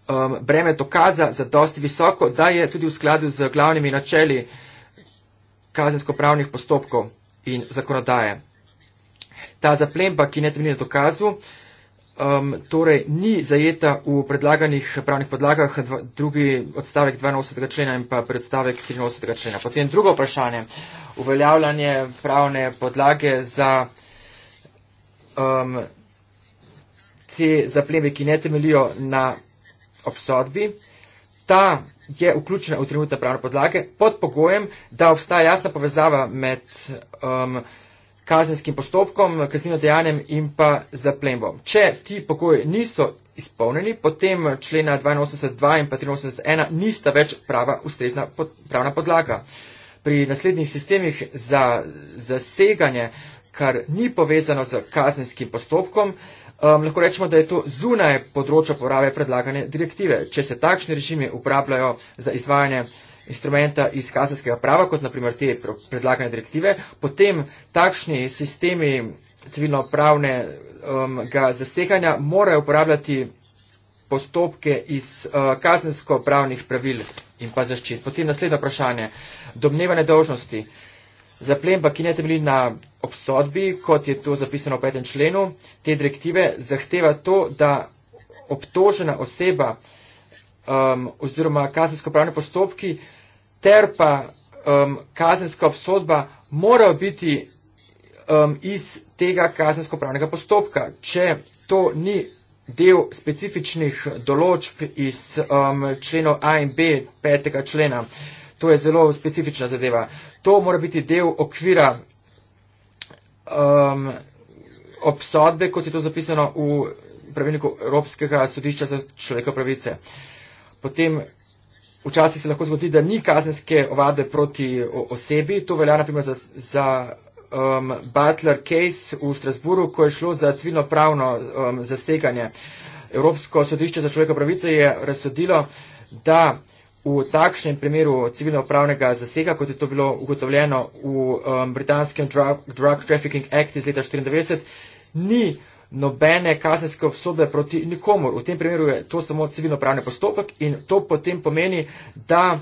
um, breme dokaza za dosti visoko, da je tudi v skladu z glavnimi načeli kazensko pravnih postopkov in zakonodaje. Ta zaplemba, ki ne temelji na dokazu, um, torej ni zajeta v predlaganih pravnih podlagah, dva, drugi odstavek 82. člena in pa predstavek 83. člena. Potem drugo vprašanje, uveljavljanje pravne podlage za um, te zapleme, ki ne temelijo na obsodbi, ta je vključena v trenutne pravne podlage pod pogojem, da obstaja jasna povezava med um, kazenskim postopkom, kaznino dejanjem in pa zaplembom. Če ti pogoji niso izpolnjeni, potem člena 82.2 in pa 83.1 nista več prava ustrezna pod, pravna podlaga. Pri naslednjih sistemih za zaseganje kar ni povezano z kazenskim postopkom, um, lahko rečemo, da je to zunaj področja porabe predlagane direktive. Če se takšni režimi uporabljajo za izvajanje instrumenta iz kazenskega prava, kot naprimer te predlagane direktive, potem takšni sistemi civilno-pravnega um, zasehanja morajo uporabljati postopke iz uh, kazensko-pravnih pravil in pa zaščit. Potem naslednje vprašanje. Domnevane dožnosti. Zaplemba, ki ne temelji na obsodbi, kot je to zapisano v petem členu te direktive, zahteva to, da obtožena oseba um, oziroma kazensko pravne postopki ter pa um, kazenska obsodba mora biti um, iz tega kazensko pravnega postopka. Če to ni del specifičnih določb iz um, členov A in B petega člena. To je zelo specifična zadeva. To mora biti del okvira um, obsodbe, kot je to zapisano v pravilniku Evropskega sodišča za človekove pravice. Potem včasih se lahko zgodi, da ni kazenske ovadbe proti osebi. To velja naprimer za, za um, Butler case v Strasburu, ko je šlo za civilno pravno um, zaseganje. Evropsko sodišče za človekove pravice je razsodilo, da v takšnem primeru civilno-pravnega zasega, kot je to bilo ugotovljeno v um, britanskem Drug, Drug Trafficking Act iz leta 1994, ni nobene kazenske obsodbe proti nikomor. V tem primeru je to samo civilno-pravni postopek in to potem pomeni, da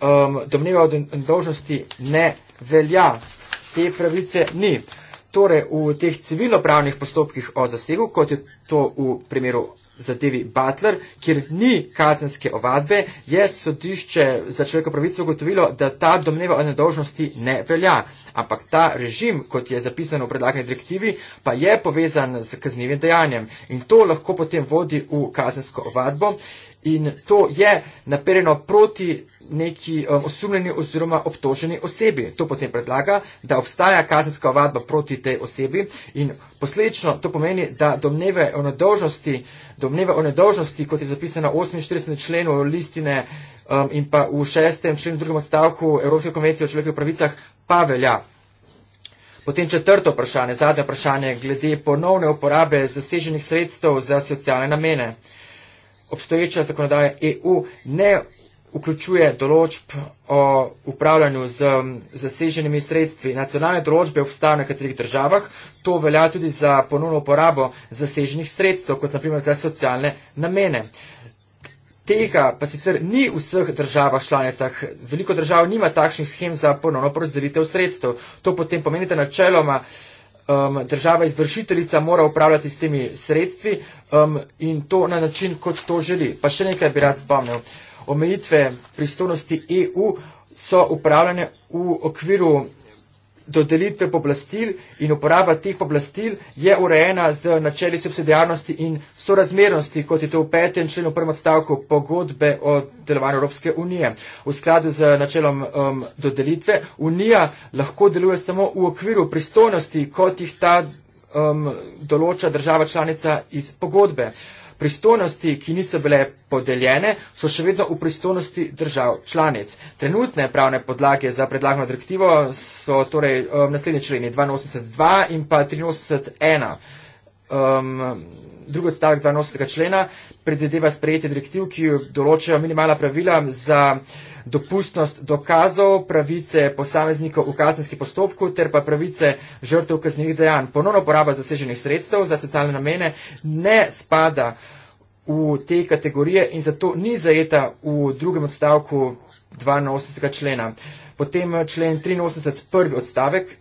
um, domneva od dolžnosti ne velja. Te pravice ni torej v teh civilno-pravnih postopkih o zasegu, kot je to v primeru zadevi Butler, kjer ni kazenske ovadbe, je sodišče za človeka pravice ugotovilo, da ta domneva o nedolžnosti ne velja. Ampak ta režim, kot je zapisano v predlagani direktivi, pa je povezan z kaznivim dejanjem in to lahko potem vodi v kazensko ovadbo in to je naperjeno proti neki um, osumljeni oziroma obtoženi osebi. To potem predlaga, da obstaja kazenska ovadba proti tej osebi in posledično to pomeni, da domneve o nedolžnosti, domneve o nedolžnosti, kot je zapisano v 48. členu listine um, in pa v 6. členu drugem odstavku Evropske konvencije o človekovih pravicah, pa velja. Potem četrto vprašanje, zadnje vprašanje, glede ponovne uporabe zaseženih sredstev za socialne namene. Obstoječa zakonodaja EU ne vključuje določb o upravljanju z zaseženimi sredstvi. Nacionalne določbe obstajajo v nekaterih državah, to velja tudi za ponovno uporabo zaseženih sredstev, kot naprimer za socialne namene. Tega pa sicer ni v vseh državah članicah. Veliko držav nima takšnih schem za ponovno porazdelitev sredstev. To potem pomeni, da načeloma um, država izvršiteljica mora upravljati s temi sredstvi um, in to na način, kot to želi. Pa še nekaj bi rad spomnil. Uh, omejitve pristojnosti EU so upravljene v okviru dodelitve poblastil in uporaba teh poblastil je urejena z načeli subsidijarnosti in sorazmernosti, kot je to v petem členu prvem odstavku pogodbe o delovanju Evropske unije. V skladu z načelom um, dodelitve, unija lahko deluje samo v okviru pristojnosti, kot jih ta um, določa država članica iz pogodbe. Uh, Pristojnosti, ki niso bile podeljene, so še vedno v pristojnosti držav članic. Trenutne pravne podlage za predlagano direktivo so torej um, naslednji členi 82 in pa 83.1. Um, drugi odstavek 82. člena predvideva sprejetje direktiv, ki določajo minimalna pravila za dopustnost dokazov, pravice posameznikov v kazenski postopku ter pa pravice žrtev kaznjih dejanj. Ponovno poraba zaseženih sredstev za socialne namene ne spada v te kategorije in zato ni zajeta v drugem odstavku 82. člena. Potem člen 83. prvi odstavek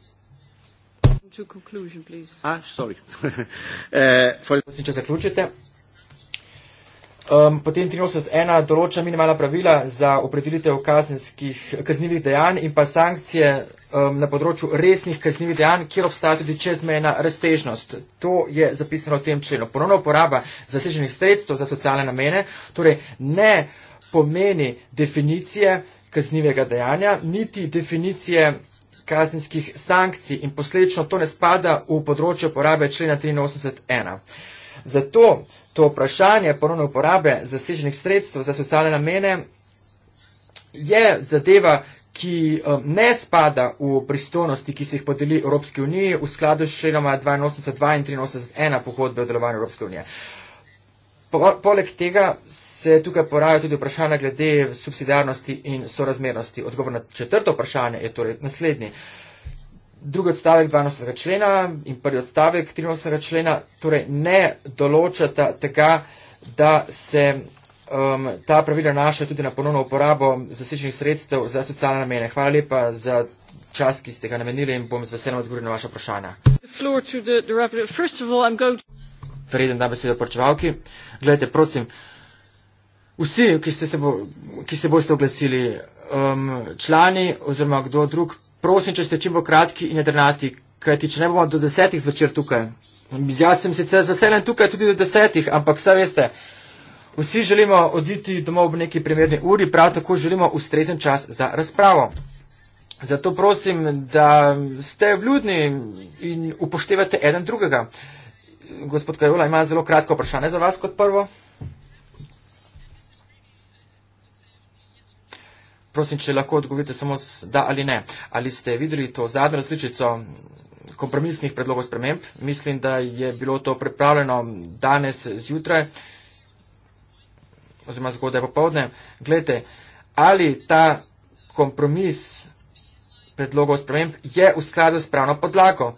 to conclusion, please. Ah, sorry. Eh, Folj, če zaključite. Um, potem 381 določa minimalna pravila za opredelitev kaznivih dejanj in pa sankcije um, na področju resnih kaznivih dejanj, kjer obstaja tudi čezmejna raztežnost. To je zapisano v tem členu. Ponovna uporaba zaseženih sredstev za socialne namene torej ne pomeni definicije kaznivega dejanja, niti definicije kazenskih sankcij in posledično to ne spada v področje uporabe člena 83.1. Zato to vprašanje ponovne uporabe zaseženih sredstev za socialne namene je zadeva, ki um, ne spada v pristojnosti, ki se jih podeli Evropske unije v skladu s členoma 82.2 in 83.1 pohodbe o delovanju Evropske unije. Poleg tega se tukaj poraja tudi vprašanje glede subsidarnosti in sorazmernosti. Odgovor na četrto vprašanje je torej naslednji. Drugi odstavek 12. člena in prvi odstavek 13. člena torej ne določata tega, da se um, ta pravila naša tudi na ponovno uporabo zasečenih sredstev za socialne namene. Hvala lepa za čas, ki ste ga namenili in bom z veseljem odgovoril na vaše vprašanje preden da besedo poročevalki. Glejte, prosim, vsi, ki, ste se bo, ki se boste oglasili, um, člani oziroma kdo drug, prosim, če ste čim bolj kratki in jedrnati, kajti če ne bomo do desetih zvečer tukaj. Jaz sem sicer z veseljem tukaj tudi do desetih, ampak vse veste, vsi želimo oditi domov ob neki primerni uri, prav tako želimo ustrezen čas za razpravo. Zato prosim, da ste vljudni in upoštevate eden drugega gospod Kajula ima zelo kratko vprašanje za vas kot prvo. Prosim, če lahko odgovorite samo s da ali ne. Ali ste videli to zadnjo različico kompromisnih predlogov sprememb? Mislim, da je bilo to pripravljeno danes zjutraj oziroma zgodaj popovdne. Glejte, ali ta kompromis predlogov sprememb je v skladu s pravno podlako?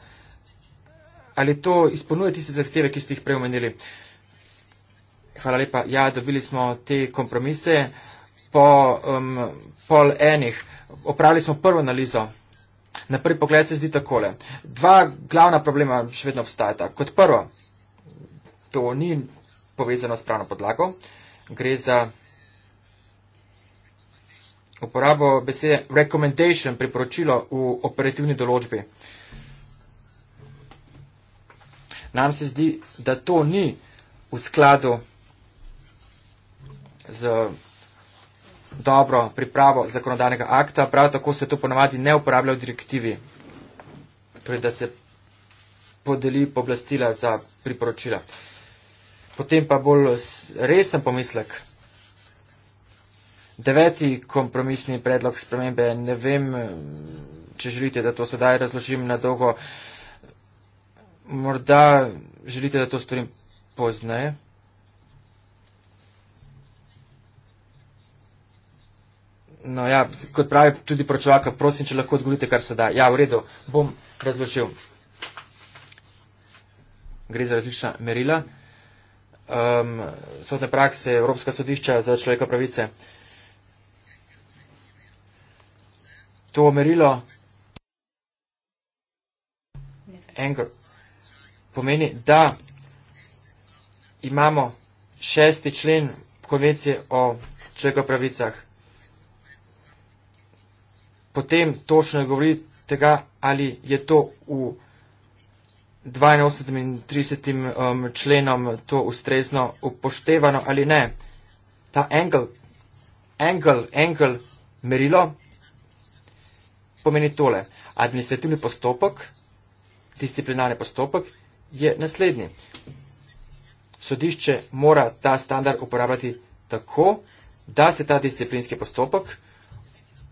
ali to izpolnjuje tiste zahteve, ki ste jih preomenili? Hvala lepa. Ja, dobili smo te kompromise po um, pol enih. Opravili smo prvo analizo. Na prvi pogled se zdi takole. Dva glavna problema še vedno obstajata. Kot prvo, to ni povezano s pravno podlago. Gre za uporabo besede recommendation, priporočilo v operativni določbi. Uh, nam se zdi, da to ni v skladu z dobro pripravo zakonodajnega akta, prav tako se to ponavadi ne uporablja v direktivi, torej da se podeli poblastila za priporočila. Potem pa bolj resen pomislek. Deveti kompromisni predlog spremembe, ne vem, če želite, da to sedaj razložim na dolgo. Uh, morda želite, da to storim pozneje? No ja, kot pravi tudi pročovaka, prosim, če lahko odgovorite, kar se da. Ja, v redu, bom razložil. Gre za različna merila. Um, Sodne prakse Evropska sodišča za človeka pravice. To merilo. Anger pomeni, da imamo šesti člen konvencije o človekov pravicah. Potem točno govori tega, ali je to v 82. Um, členom to ustrezno upoštevano ali ne. Ta angel, angel, angel merilo pomeni tole. Administrativni postopek, disciplinarni postopek je naslednji. Sodišče mora ta standard uporabljati tako, da se ta disciplinski postopek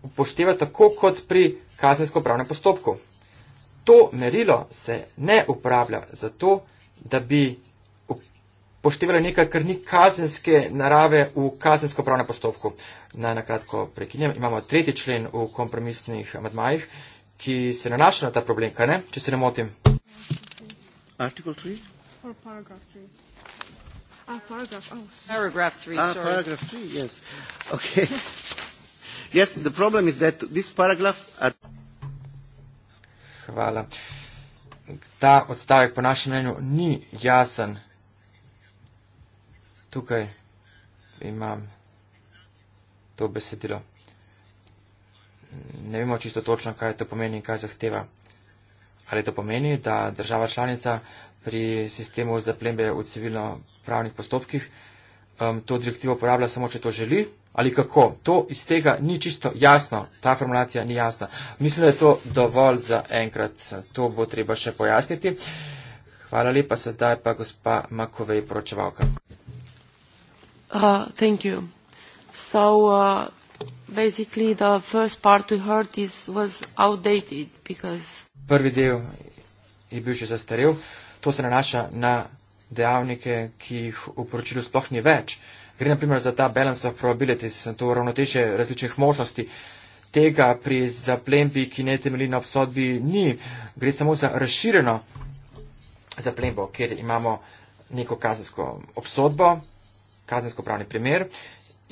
upošteva tako kot pri kazensko-pravnem postopku. To merilo se ne uporablja zato, da bi upoštevali nekaj, kar ni kazenske narave v kazensko-pravnem postopku. Naj na kratko prekinjam, imamo tretji člen v kompromisnih amadmajih, ki se nanaša na ta problem, kaj ne, če se ne motim. Article 3? Or paragraph 3. Uh, ah, paragraph, oh. paragraph 3, uh, ah, sorry. Paragraph 3, yes. Okay. yes, the problem is that this paragraph... At- Hvala. Ta odstavek po našem mnenju ni jasen. Tukaj imam to besedilo. Ne vemo čisto točno, kaj to pomeni in kaj zahteva. Ali to pomeni, da država članica pri sistemu zaplembe v civilno-pravnih postopkih um, to direktivo uporablja samo, če to želi? Ali kako? To iz tega ni čisto jasno, ta formulacija ni jasna. Mislim, da je to dovolj za enkrat, to bo treba še pojasniti. Hvala lepa, sedaj pa gospa Makovej, poročevalka. Uh, so, uh, because prvi del je bil že zastarel. To se nanaša na dejavnike, ki jih v poročilu sploh ni več. Gre naprimer za ta balance of probabilities, to ravnoteže različnih možnosti. Tega pri zaplembi, ki ne temelji na obsodbi, ni. Gre samo za razširjeno zaplembo, ker imamo neko kazensko obsodbo, kazensko pravni primer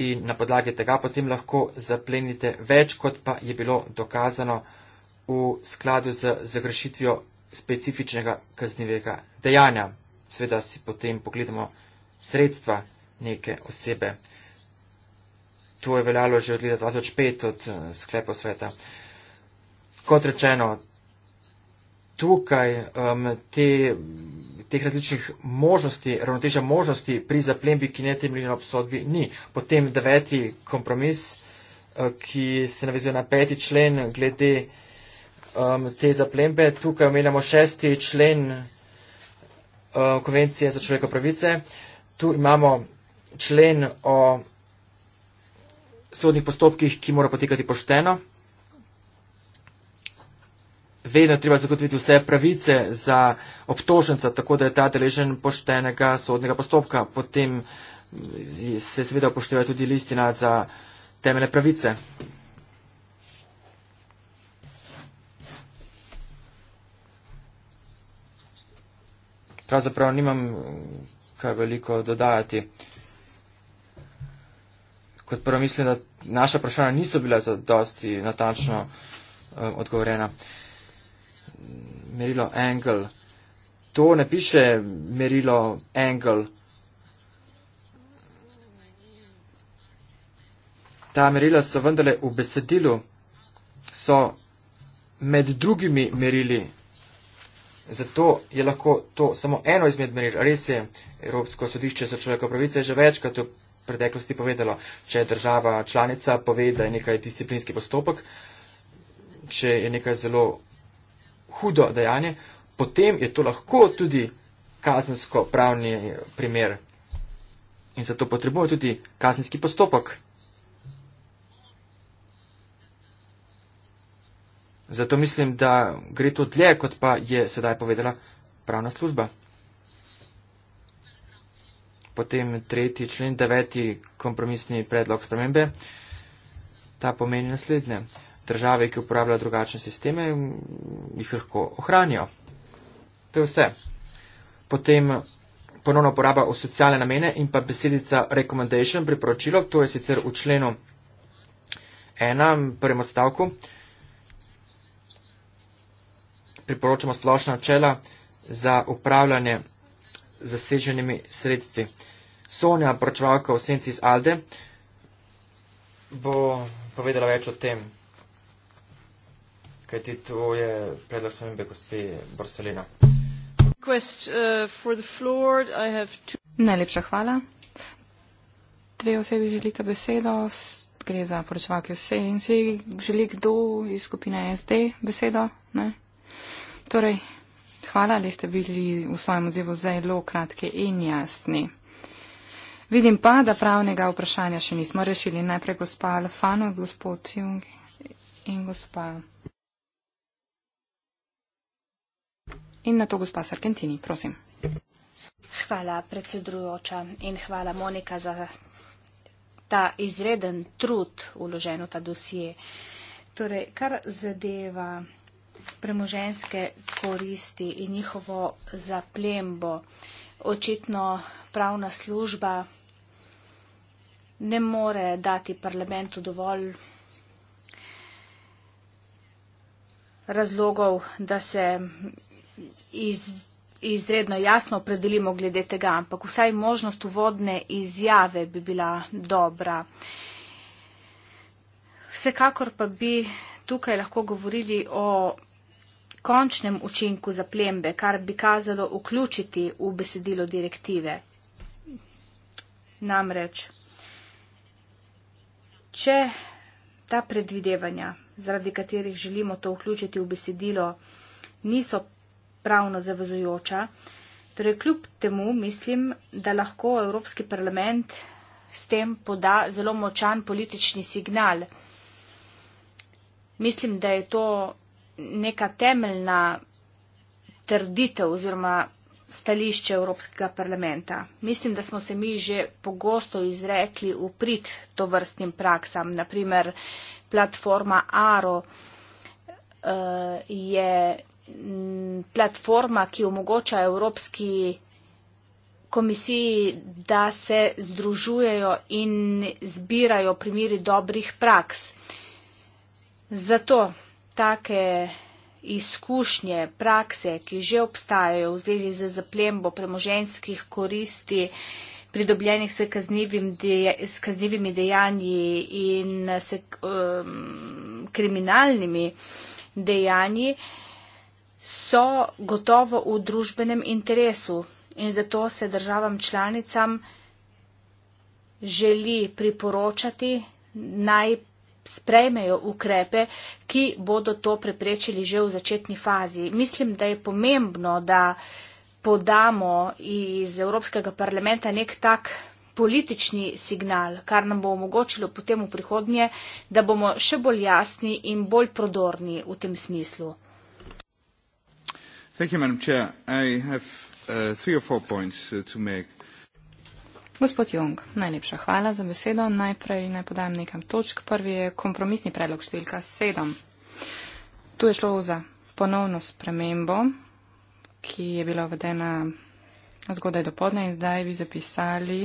in na podlagi tega potem lahko zaplenite več, kot pa je bilo dokazano uh, v skladu z zagrešitvijo specifičnega kaznivega dejanja. Sveda si potem pogledamo sredstva neke osebe. To je veljalo že od leta 2005 od eh, sklepa sveta. Kot rečeno, tukaj um, te, teh različnih možnosti, ravnoteža možnosti pri zaplembi, ki ne temelji na obsodbi, ni. Potem deveti kompromis, uh, ki se navezuje na peti člen glede uh, um, te zaplembe. Tukaj omenjamo šesti člen um, konvencije za človekove pravice. Tu imamo člen o sodnih postopkih, ki mora potekati pošteno. Vedno treba zagotoviti vse pravice za obtoženca, tako da je ta deležen poštenega sodnega postopka. Potem mm, se seveda upošteva tudi listina za temeljne pravice. pravzaprav nimam eh, kaj veliko dodajati. Kot prvo mislim, da naša vprašanja niso bila za dosti natančno um, odgovorjena. Merilo angle. To ne piše merilo angle. Ta merila so vendarle v besedilu, so med drugimi merili Zato je lahko to samo eno izmed meril. Res je, Evropsko sodišče za človekove pravice je že večkrat v preteklosti povedalo, če država članica pove, da je nekaj disciplinski postopek, če je nekaj zelo hudo dejanje, potem je to lahko tudi kazensko pravni primer. In zato potrebuje tudi kazenski postopek. Zato mislim, da gre to dlje, kot pa je sedaj povedala pravna služba. Potem tretji člen, deveti kompromisni predlog spremembe. Ta pomeni naslednje. Države, ki uporabljajo drugačne sisteme, jih lahko ohranijo. To je vse. Potem ponovno uporaba v socialne namene in pa besedica recommendation, priporočilo, to je sicer v členu enem, prvem odstavku priporočamo splošna načela za upravljanje z zaseženimi sredstvi. Sonja, poročevalka v senci iz Alde, bo povedala več o tem, kaj ti to je predlog spremembe gospe Borsalina. Uh, Najlepša hvala. Dve osebi želite besedo. Gre za poročevalke v senci. Želi kdo iz skupine SD besedo? Ne? Torej, hvala, le ste bili v svojem odzivu zelo kratki in jasni. Vidim pa, da pravnega vprašanja še nismo rešili. Najprej gospa Alfano, gospod Jung in gospa. In na to gospa Sargentini, prosim. Hvala, predsedujoča, in hvala, Monika, za ta izreden trud vložen v ta dosije. Torej, kar zadeva premoženske koristi in njihovo zaplembo. Očitno pravna služba ne more dati parlamentu dovolj razlogov, da se iz, izredno jasno opredelimo glede tega, ampak vsaj možnost uvodne izjave bi bila dobra. Vsekakor pa bi tukaj lahko govorili o končnem učinku zaplembe, kar bi kazalo vključiti v besedilo direktive. Namreč, če ta predvidevanja, zaradi katerih želimo to vključiti v besedilo, niso pravno zavezujoča, torej kljub temu mislim, da lahko Evropski parlament s tem poda zelo močan politični signal. Mislim, da je to neka temeljna trditev oziroma stališče Evropskega parlamenta. Mislim, da smo se mi že pogosto izrekli v prid to vrstnim praksam. Naprimer, platforma Aro uh, je platforma, ki omogoča Evropski komisiji, da se združujejo in zbirajo primiri dobrih praks. Uh, Zato take izkušnje, prakse, ki že obstajajo v zvezi z zaplembo premoženskih koristi, pridobljenih s kaznivim deja, kaznivimi dejanji in s um, kriminalnimi dejanji, so gotovo v družbenem interesu in zato se državam članicam želi priporočati najprej sprejmejo ukrepe, ki bodo to preprečili že v začetni fazi. Mislim, da je pomembno, da podamo iz Evropskega parlamenta nek tak politični signal, kar nam bo omogočilo potem v prihodnje, da bomo še bolj jasni in bolj prodorni v tem smislu. Thank you, Madam Chair. I have uh, three or four points uh, to make. Gospod Jung, najlepša hvala za besedo. Najprej naj podajem nekam točk. Prvi je kompromisni predlog številka 7. Tu je šlo za ponovno spremembo, ki je bila uvedena zgodaj do podne in zdaj bi zapisali,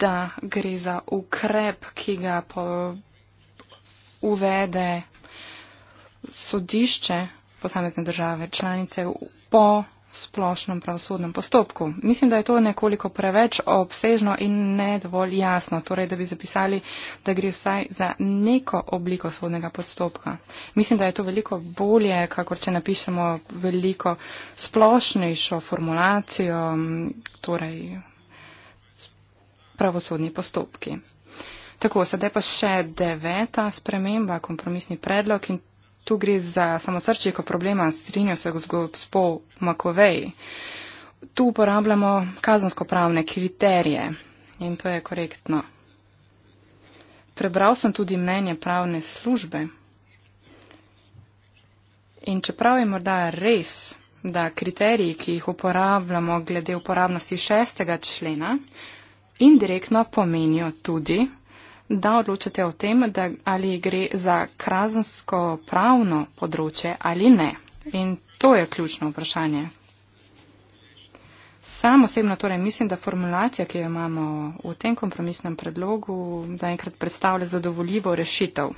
da gre za ukrep, ki ga po, uvede sodišče posamezne države članice po splošnem pravosodnem postopku. Mislim, da je to nekoliko preveč obsežno in ne dovolj jasno, torej, da bi zapisali, da gre vsaj za neko obliko sodnega postopka. Mislim, da je to veliko bolje, kakor če napišemo veliko splošnejšo formulacijo, torej pravosodni postopki. Tako, sedaj pa še deveta sprememba, kompromisni predlog in tu gre za samosrčje kot problema, strinjo se z gospod Makovej. Tu uporabljamo kazansko pravne kriterije in to je korektno. Prebral sem tudi mnenje pravne službe. In čeprav je morda res, da kriteriji, ki jih uporabljamo glede uporabnosti šestega člena, indirektno pomenijo tudi, da odločate o tem, da, ali gre za kazensko pravno področje ali ne. In to je ključno vprašanje. Sam osebno torej mislim, da formulacija, ki jo imamo v tem kompromisnem predlogu, zaenkrat predstavlja zadovoljivo rešitev.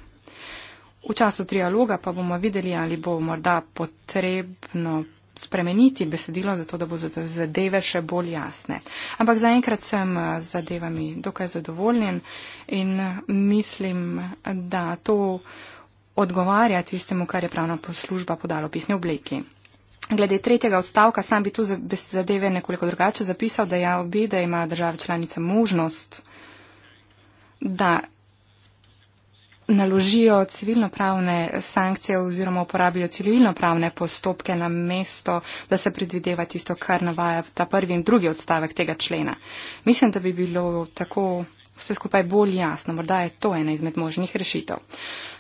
V času trialoga pa bomo videli, ali bo morda potrebno spremeniti besedilo, zato da bo zadeve še bolj jasne. Ampak zaenkrat sem eh, z zadevami dokaj zadovoljen in eh, mislim, da to odgovarja tistemu, kar je pravna služba podala v pisni obliki. Glede tretjega odstavka, sam bi tu zadeve nekoliko drugače zapisal, da ja obi, da ima država članica možnost, da naložijo civilnopravne sankcije oziroma uporabijo civilnopravne postopke na mesto, da se predvideva tisto, kar navaja ta prvi in drugi odstavek tega člena. Mislim, da bi bilo tako vse skupaj bolj jasno. Morda je to ena izmed možnih rešitev.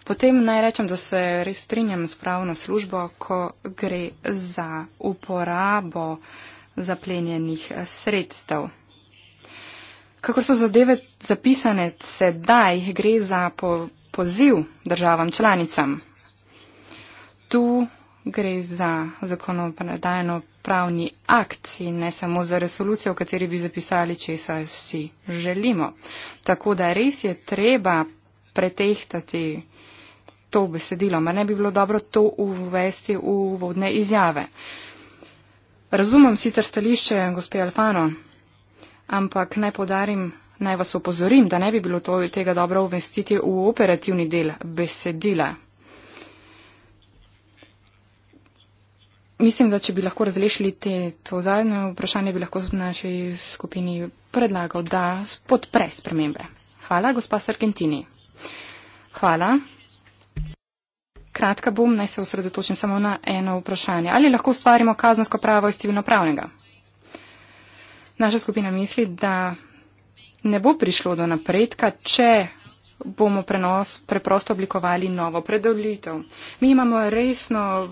Potem naj rečem, da se res strinjam s pravno službo, ko gre za uporabo zaplenjenih sredstev. Kako so zadeve zapisane sedaj, gre za po, poziv državam članicam. Tu gre za zakonodajno pravni akt in ne samo za resolucijo, v kateri bi zapisali, če se vsi želimo. Tako da res je treba pretehtati to besedilo, mar ne bi bilo dobro to uvesti v vodne izjave. Razumem sicer stališče gospe Alfano, ampak naj podarim Naj vas opozorim, da ne bi bilo to, tega dobro uvestiti v operativni del besedila. Mislim, da če bi lahko razrešili te, to zadnje vprašanje, bi lahko v naši skupini predlagal, da podpre spremembe. Hvala, gospa Sargentini. Hvala. Kratka bom, naj se osredotočim samo na eno vprašanje. Ali lahko ustvarimo kazensko pravo iz civilno pravnega? Naša skupina misli, da ne bo prišlo do napredka, če bomo prenos, preprosto oblikovali novo predolitev. Mi imamo resno,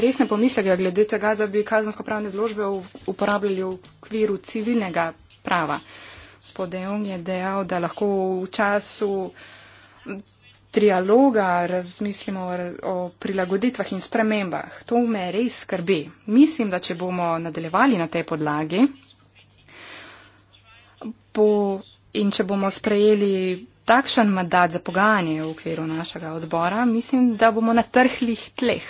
resne pomisleke glede tega, da bi kazansko pravne odložbe uporabljali v okviru civilnega prava. Spodejom je dejal, da lahko v času trialoga razmislimo o prilagoditvah in spremembah. To me res skrbi. Mislim, da če bomo nadaljevali na tej podlagi, bo in če bomo sprejeli takšen mandat za pogajanje v okviru našega odbora, mislim, da bomo na trhlih tleh.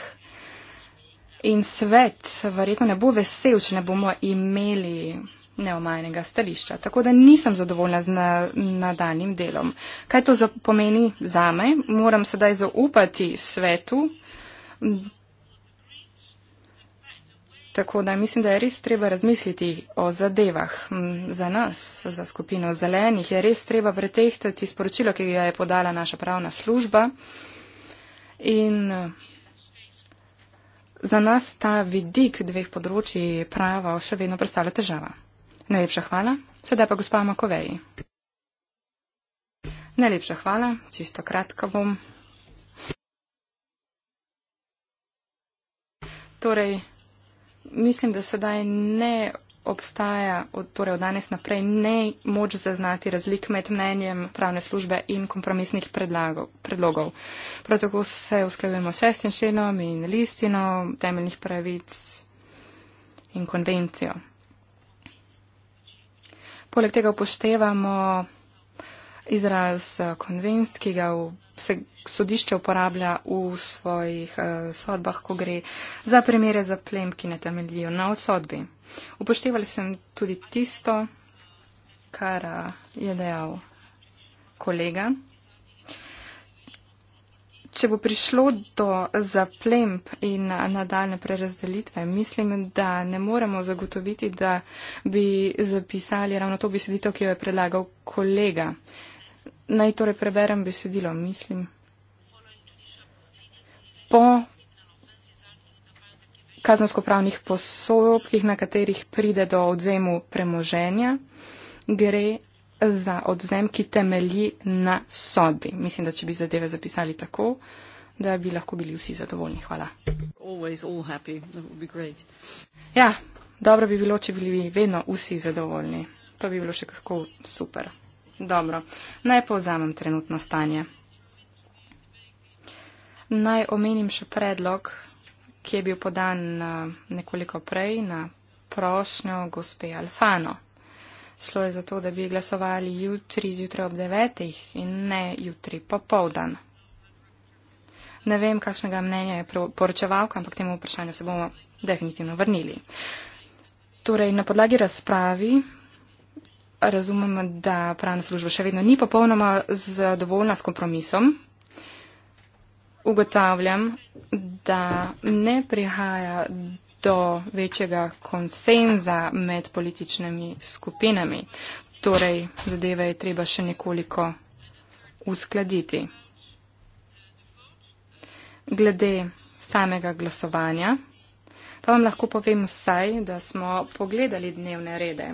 In svet verjetno ne bo vesel, če ne bomo imeli neomajnega stališča. Tako da nisem zadovoljna z na, nadaljnim delom. Kaj to za, pomeni za me? Moram sedaj zaupati svetu, Tako da mislim, da je res treba razmisliti o zadevah. Za nas, za skupino zelenih, je res treba pretehtati sporočilo, ki ga je podala naša pravna služba. In za nas ta vidik dveh področji prava še vedno predstavlja težava. Najlepša hvala. Sedaj pa gospa Makoveji. Najlepša hvala. Čisto kratko bom. Torej, mislim, da sedaj ne obstaja, od, torej od danes naprej, ne moč zaznati razlik med mnenjem pravne službe in kompromisnih predlago, predlogov. Prav tako se usklajujemo s šestim členom in listino temeljnih pravic in konvencijo. Poleg tega upoštevamo izraz eh, konvenc, ki ga v se sodišče uporablja v svojih uh, sodbah, ko gre za primere za plem, ki ne temeljijo na odsodbi. Upoštevali sem tudi tisto, kar uh, je dejal kolega. Če bo prišlo do zaplemb in eh, nadaljne prerazdelitve, mislim, da ne moremo zagotoviti, da bi zapisali ravno to besedito, ki jo je predlagal kolega. Uh, Naj torej preberem besedilo, mislim. Po kazensko-pravnih posojobkih, na katerih pride do odzemu premoženja, gre za odzem, ki temelji na sodbi. Mislim, da če bi zadeve zapisali tako, da bi lahko bili vsi zadovoljni. Hvala. Ja, dobro bi bilo, če bili vedno vsi zadovoljni. To bi bilo še kako super. Dobro, naj povzamem trenutno stanje. Naj omenim še predlog, ki je bil podan eh, nekoliko prej na prošnjo gospe Alfano. Šlo je za to, da bi glasovali jutri zjutraj ob devetih in ne jutri popovdan. Ne vem, kakšnega mnenja je poročevalka, ampak temu vprašanju se bomo definitivno vrnili. Torej, na podlagi razpravi razumem, da pravna služba še vedno ni popolnoma zadovoljna s kompromisom. Ugotavljam, da ne prihaja do večjega konsenza med političnimi skupinami. Torej, zadeve je treba še nekoliko uskladiti. Glede samega glasovanja, pa vam lahko povem vsaj, da smo pogledali dnevne rede.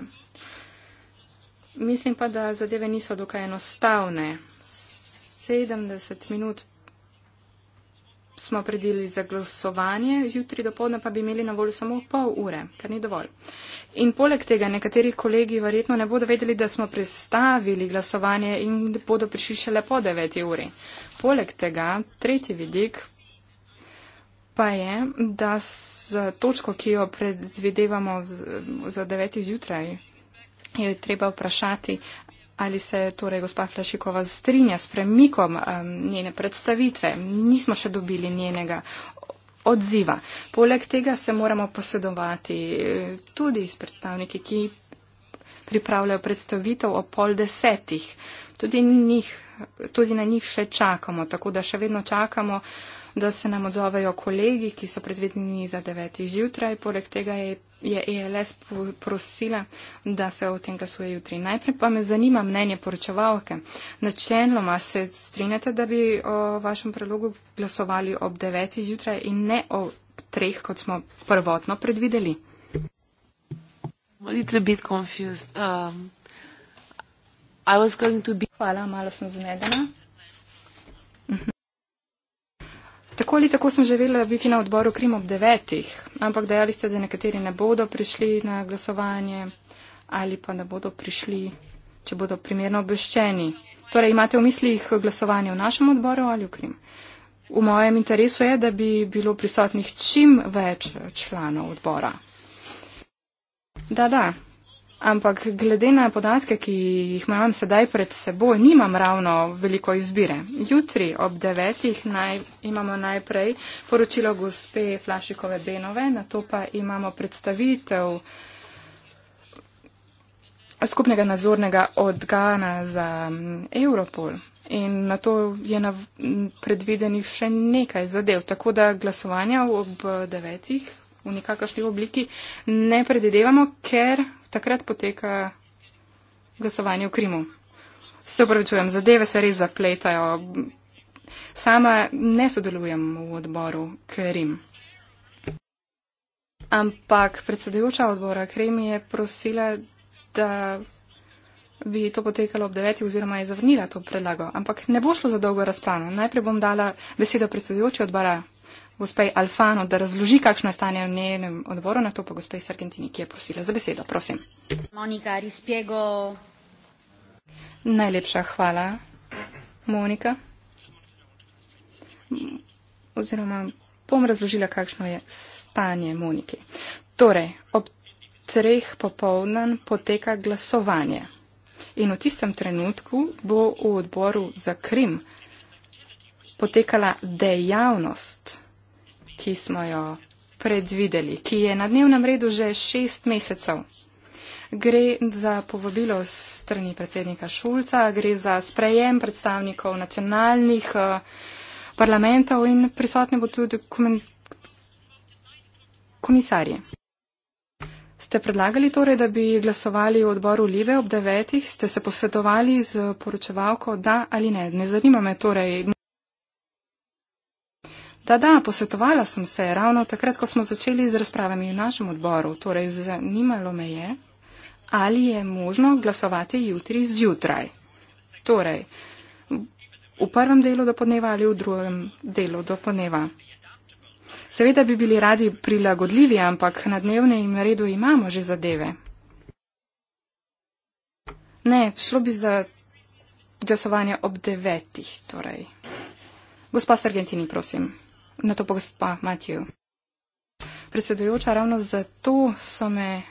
Mislim pa, da zadeve niso dokaj enostavne. 70 minut smo predili za glasovanje, jutri do povdne pa bi imeli na voljo samo pol ure, kar ni dovolj. In poleg tega nekateri kolegi verjetno ne bodo vedeli, da smo prestavili glasovanje in bodo prišli šele po 9. uri. Poleg tega, tretji vidik pa je, da z točko, ki jo predvidevamo za 9. zjutraj, je treba vprašati, ali se torej gospa Flašikova strinja s premikom um, njene predstavitve. Nismo še dobili njenega odziva. Poleg tega se moramo posedovati eh, tudi s predstavniki, ki pripravljajo predstavitev o pol desetih. Tudi, njih, tudi na njih še čakamo, tako da še vedno čakamo da se nam odzovejo kolegi, ki so predvideni za 9. zjutraj. Poleg tega je, je ELS prosila, da se o tem glasuje jutri. Najprej pa me zanima mnenje poročevalke. Načeloma se strinjate, da bi o vašem predlogu glasovali ob 9. zjutraj in ne o treh, kot smo prvotno predvideli. Um, Hvala, malo sem zmedena. Tako ali tako sem želela biti na odboru Krim ob devetih, ampak dejali ste, da nekateri ne bodo prišli na glasovanje ali pa ne bodo prišli, če bodo primerno obveščeni. Torej, imate v mislih glasovanje v našem odboru ali v Krim? V mojem interesu je, da bi bilo prisotnih čim več članov odbora. Da, da, Ampak glede na podatke, ki jih imam sedaj pred seboj, nimam ravno veliko izbire. Jutri ob devetih naj, imamo najprej poročilo gospe Flašikove Benove, na to pa imamo predstavitev skupnega nadzornega odgana za mm, Europol. In na to je predvidenih še nekaj zadev. Tako da glasovanja ob devetih v nekakšni obliki, ne predvidevamo, ker takrat poteka glasovanje v Krimu. Se upravičujem, zadeve se res zapletajo. Sama ne sodelujem v odboru Krim. Ampak predsedujoča odbora Krim je prosila, da bi to potekalo ob deveti oziroma je zavrnila to predlago. Ampak ne bo šlo za dolgo razpravo. Najprej bom dala besedo predsedujoči odbora gospej Alfano, da razloži, kakšno je stanje v njenem odboru, na to pa gospej Sargentini, ki je prosila za besedo. Prosim. Monika Rispiego. Najlepša hvala, Monika. Oziroma, bom razložila, kakšno je stanje Moniki. Torej, ob treh popovdan poteka glasovanje. In v tistem trenutku bo v odboru za Krim potekala dejavnost ki smo jo predvideli, ki je na dnevnem redu že šest mesecev. Gre za povabilo strani predsednika Šulca, gre za sprejem predstavnikov nacionalnih eh, parlamentov in prisotne bo tudi komisarje. Ste predlagali torej, da bi glasovali v odboru Live ob devetih, ste se posvetovali z poročevalko da ali ne. Ne zanima me torej. Da, da, posvetovala sem se ravno takrat, ko smo začeli z razpravami v našem odboru. Torej, zanimalo me je, ali je možno glasovati jutri zjutraj. Torej, v prvem delu do podneva ali v drugem delu do podneva. Seveda bi bili radi prilagodljivi, ampak na dnevnem redu imamo že zadeve. Ne, šlo bi za glasovanje ob devetih, torej. Gospa Sargentini, prosim na to pa gospa Matiju. Predsedujoča, ravno zato so me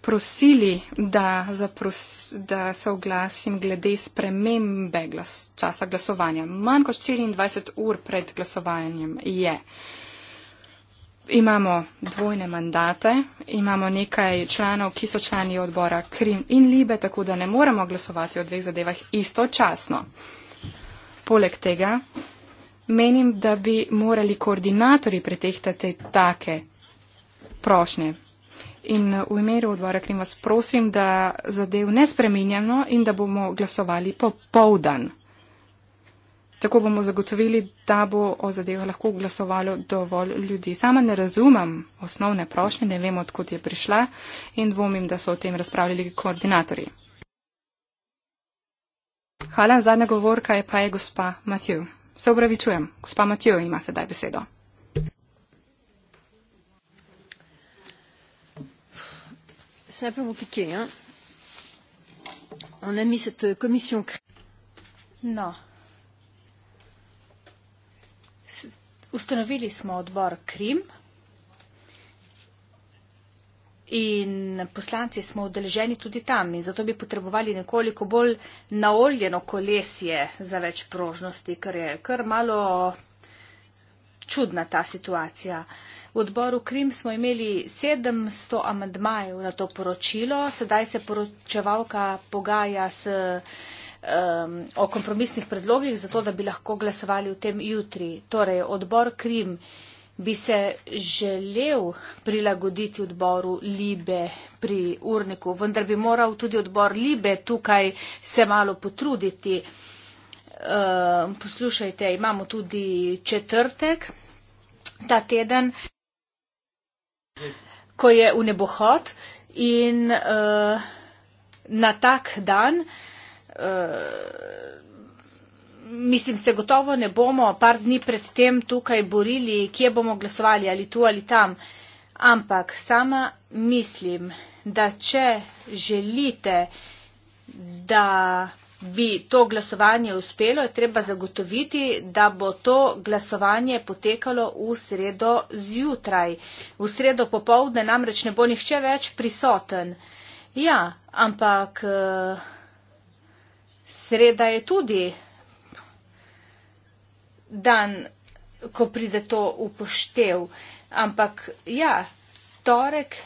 prosili, da, zapros, da se oglasim glede spremembe glas, časa glasovanja. Manj kot 24 ur pred glasovanjem je. Imamo dvojne mandate, imamo nekaj članov, ki so člani odbora Krim in Libe, tako da ne moremo glasovati o dveh zadevah istočasno. Poleg tega menim, da bi morali koordinatorji pretehtati take prošnje. In eh, v imeru odbora Krim vas prosim, da zadev ne spreminjamo in da bomo glasovali popovdan. Tako bomo zagotovili, da bo o zadevah lahko glasovalo dovolj ljudi. Sama ne razumem osnovne prošnje, ne vem, odkot je prišla in dvomim, da so o tem razpravljali koordinatorji. Hvala, zadnja govorka je pa je gospa Matjev. Se upravičujem, gospa Matijo ima sedaj besedo. No. Ustanovili smo odbor Krim in poslanci smo udeleženi tudi tam in zato bi potrebovali nekoliko bolj naoljeno kolesje za več prožnosti, ker je kar malo čudna ta situacija. V odboru Krim smo imeli 700 amandmajev na to poročilo, sedaj se poročevalka pogaja s um, o kompromisnih predlogih, zato da bi lahko glasovali v tem jutri. Torej, odbor Krim bi se želel prilagoditi odboru Libe pri urniku, vendar bi moral tudi odbor Libe tukaj se malo potruditi. Ehm, poslušajte, imamo tudi četrtek ta teden, ko je v nebohod in eh, na tak dan eh, mislim, se gotovo ne bomo par dni pred tem tukaj borili, kje bomo glasovali, ali tu ali tam. Ampak sama mislim, da če želite, da bi to glasovanje uspelo, je treba zagotoviti, da bo to glasovanje potekalo v sredo zjutraj. V sredo popovdne namreč ne bo nihče več prisoten. Ja, ampak. Eh, sreda je tudi dan, ko pride to upoštev. Ampak ja, torek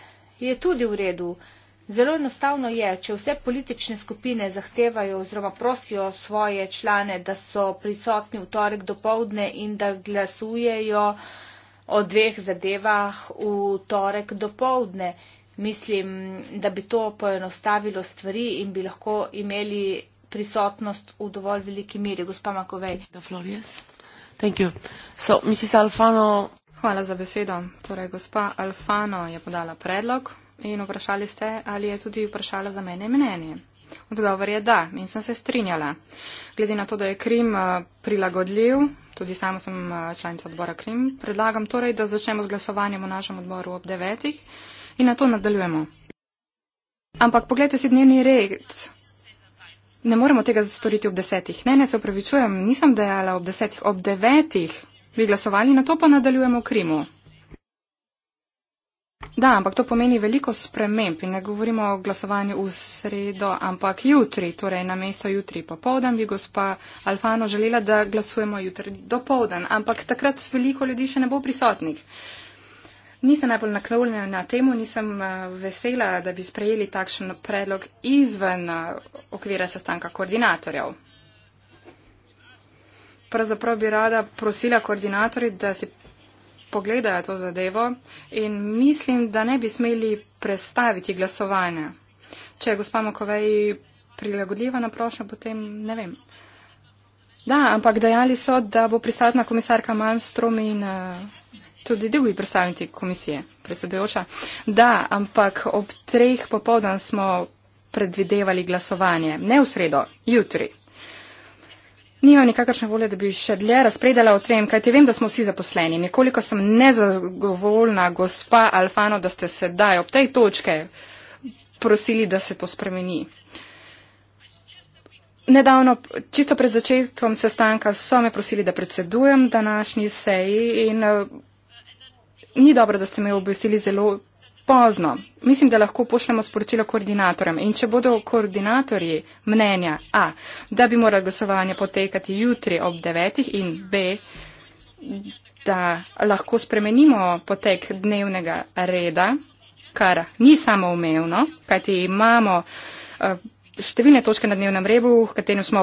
je tudi v redu. Zelo enostavno je, če vse politične skupine zahtevajo oziroma prosijo svoje člane, da so prisotni v torek do povdne in da glasujejo o dveh zadevah v torek do povdne. Mislim, da bi to poenostavilo stvari in bi lahko imeli prisotnost v dovolj veliki miri, gospa Makovej. Da, Florijas. So, Hvala za besedo. Torej, gospa Alfano je podala predlog in vprašali ste, ali je tudi vprašala za mene mnenje. Odgovor je da in sem se strinjala. Glede na to, da je Krim eh, prilagodljiv, tudi sama sem eh, članica odbora Krim, predlagam torej, da začnemo z glasovanjem v našem odboru ob devetih in na to nadaljujemo. Ampak pogledajte si dnevni red, ne moremo tega storiti ob desetih. Ne, ne se upravičujem, nisem dejala ob desetih, ob devetih bi glasovali, na to pa nadaljujemo v Krimu. Da, ampak to pomeni veliko sprememb in ne govorimo o glasovanju v sredo, ampak jutri, torej na mesto jutri popovdan bi gospa Alfano želela, da glasujemo jutri dopovdan, ampak takrat veliko ljudi še ne bo prisotnih nisem najbolj naklonjena na temu, nisem eh, vesela, da bi sprejeli takšen predlog izven eh, okvira sestanka koordinatorjev. Pravzaprav bi rada prosila koordinatorje, da si pogledajo to zadevo in mislim, da ne bi smeli prestaviti glasovanja. Če je gospa Makovej prilagodljiva na prošnjo, potem ne vem. Da, ampak dejali so, da bo prisotna komisarka Malmstrom in uh, tudi drugi predstavniki komisije, predsedujoča. Da, ampak ob treh popovdan smo predvidevali glasovanje. Ne v sredo, jutri. Nimam nikakršne volje, da bi še dlje razpredala o tem, kajti vem, da smo vsi zaposleni. Nekoliko sem nezagovoljna, gospa Alfano, da ste sedaj ob tej točke prosili, da se to spremeni. Nedavno, čisto pred začetkom sestanka, so me prosili, da predsedujem današnji seji in ni dobro, da ste me obvestili zelo pozno. Mislim, da lahko pošljemo sporočilo koordinatorjem. In če bodo koordinatorji mnenja A, da bi moralo glasovanje potekati jutri ob 9. in B, da lahko spremenimo potek dnevnega reda, kar ni samoumevno, kajti imamo. Uh, številne točke na dnevnem rebu, v katerem smo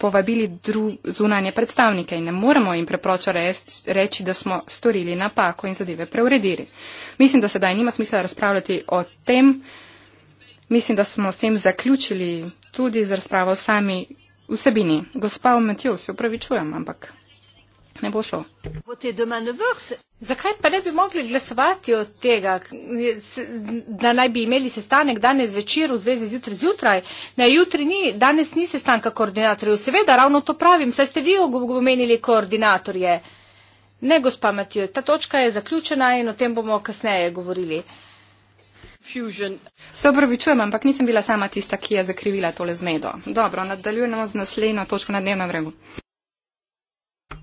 povabili zunanje predstavnike in ne moremo jim preproča reči, da smo storili napako in zadeve preuredili. Mislim, da sedaj nima smisla razpravljati o tem. Mislim, da smo s tem zaključili tudi z razpravo sami vsebini. Gospa Matijo, se upravičujem, ampak ne bo šlo. Zakaj pa ne bi mogli glasovati od tega, da naj bi imeli sestanek danes večer v zvezi z jutri zjutraj? Na jutri ni, danes ni sestanka koordinatorjev. Seveda, ravno to pravim, saj ste vi omenili koordinatorje. Ne, gospa Matijo, ta točka je zaključena in o tem bomo kasneje govorili. Se opravičujem, ampak nisem bila sama tista, ki je zakrivila tole zmedo. Dobro, nadaljujemo z naslednjo točko na dnevnem redu.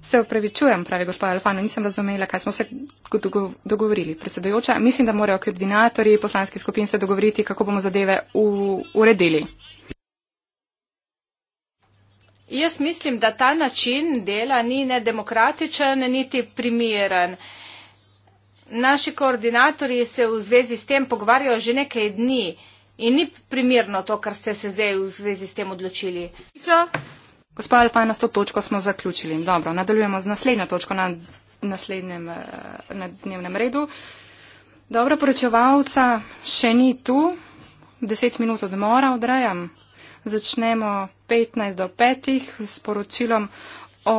Se upravičujem, pravi gospod Alfano, nisem razumela, kaj smo se dogovorili. Predsedujoča, mislim, da morajo koordinatorji poslanskih skupin se dogovoriti, kako bomo zadeve u, uredili. Jaz mislim, da ta način dela ni nedemokratičen, niti primeren. Naši koordinatorji se v zvezi s tem pogovarjajo že nekaj dni in ni primerno to, kar ste se zdaj v zvezi s tem odločili. Čo? Gospa Alfajna, s to točko smo zaključili. Dobro, nadaljujemo z naslednjo točko na, naslednjem, eh, na dnevnem redu. Dobro, poročevalca še ni tu. Deset minut odmora odrajam. Začnemo 15 do 5 s poročilom o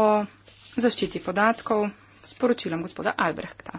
zaščiti podatkov, s poročilom gospoda Albrehta.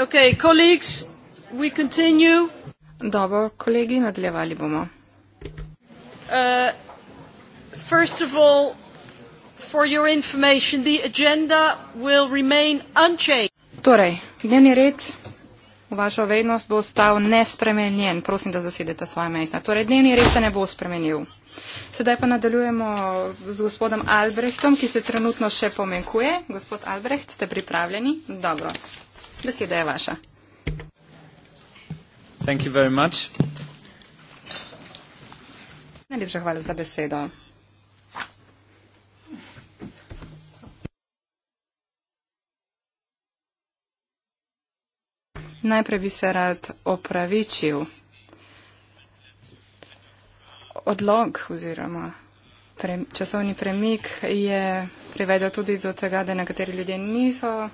Okay, colleagues, we continue. Dobro, kolegi, nadaljevali bomo. Uh, first of all, for your information, the agenda will remain unchanged. Torej, dnevni red v vašo vednost bo ostal nespremenjen. Prosim, da zasedete svoje mesta. Torej, dnevni red se ne bo spremenil. Sedaj pa nadaljujemo z gospodom Albrehtom, ki se trenutno še pomenkuje. Gospod Albreht, ste pripravljeni? Dobro. Beseda je vaša. Najlepša hvala za besedo. Najprej bi se rad opravičil. Odlog oziroma pre, časovni premik je privedel tudi do tega, da nekateri ljudje niso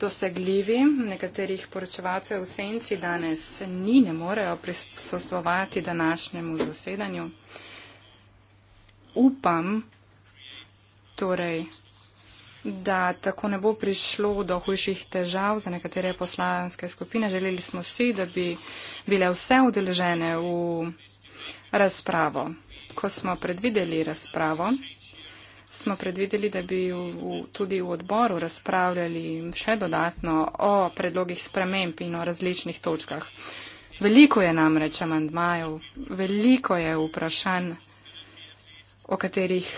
dosegljivi. Nekaterih poročevalcev v senci danes ni, ne morejo prisostovati današnjemu zasedanju. Upam torej, da tako ne bo prišlo do hujših težav za nekatere poslanske skupine. Želeli smo si, da bi bile vse udeležene v razpravo. Ko smo predvideli razpravo, smo predvideli, da bi v, v, tudi v odboru razpravljali še dodatno o predlogih sprememb in o različnih točkah. Veliko je namreč amandmajev, veliko je vprašanj, o katerih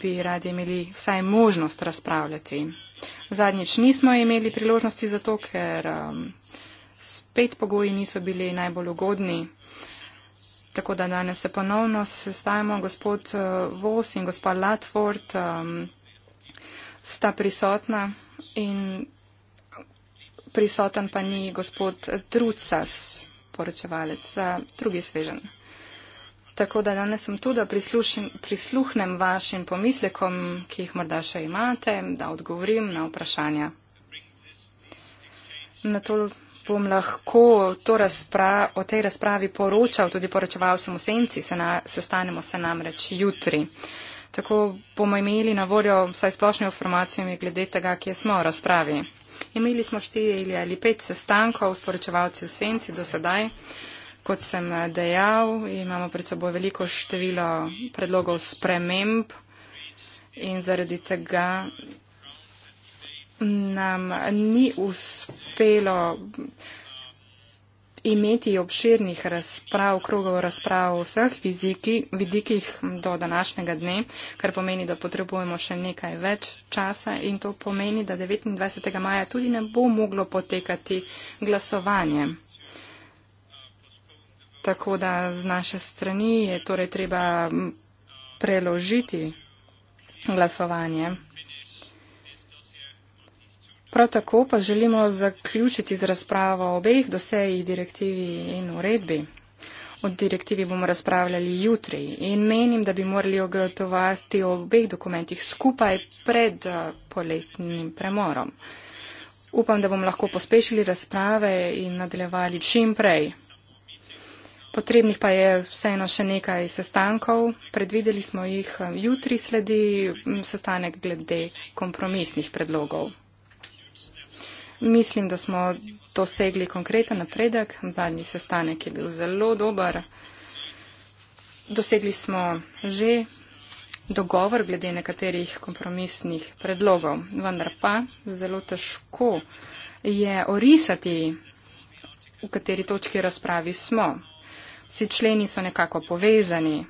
bi radi imeli vsaj možnost razpravljati. Zadnjič nismo imeli priložnosti zato, ker um, spet pogoji niso bili najbolj ugodni. Tako da danes se ponovno sestajamo, gospod eh, Vos in gospa Latford um, sta prisotna in prisoten pa ni gospod Trucas, poročevalec, drugi svežen. Tako da danes sem tu, da prislušim, prisluhnem vašim pomislekom, ki jih morda še imate, da odgovorim na vprašanja. Na to bom lahko razpra o tej razpravi poročal tudi poročevalcem v Senci, se na sestanemo se namreč jutri. Tako bomo imeli na voljo vsaj splošne informacije glede tega, kje smo v razpravi. Imeli smo štiri ali pet sestankov s poročevalci v Senci do sedaj. Kot sem eh, dejal, imamo pred seboj veliko število predlogov sprememb in zaradi tega nam ni uspelo imeti obširnih razprav, krogov razprav o vseh fiziki, vidikih do današnjega dne, kar pomeni, da potrebujemo še nekaj več časa in to pomeni, da 29. maja tudi ne bo moglo potekati glasovanje. Tako da z naše strani je torej treba preložiti glasovanje. Prav tako pa želimo zaključiti z razpravo obeh doseji direktivi in uredbi. O direktivi bomo razpravljali jutri in menim, da bi morali ogrotovati o obeh dokumentih skupaj pred eh, poletnim premorom. Upam, da bomo lahko pospešili razprave in nadaljevali čim prej. Potrebnih pa je vseeno še nekaj sestankov. Predvideli smo jih eh, jutri sledi sestanek glede kompromisnih predlogov. Mislim, da smo dosegli konkreten napredek. Zadnji sestanek je bil zelo dober. Dosegli smo že dogovor glede nekaterih kompromisnih predlogov, vendar pa zelo težko je orisati, v kateri točki razpravi smo. Vsi členi so nekako povezani.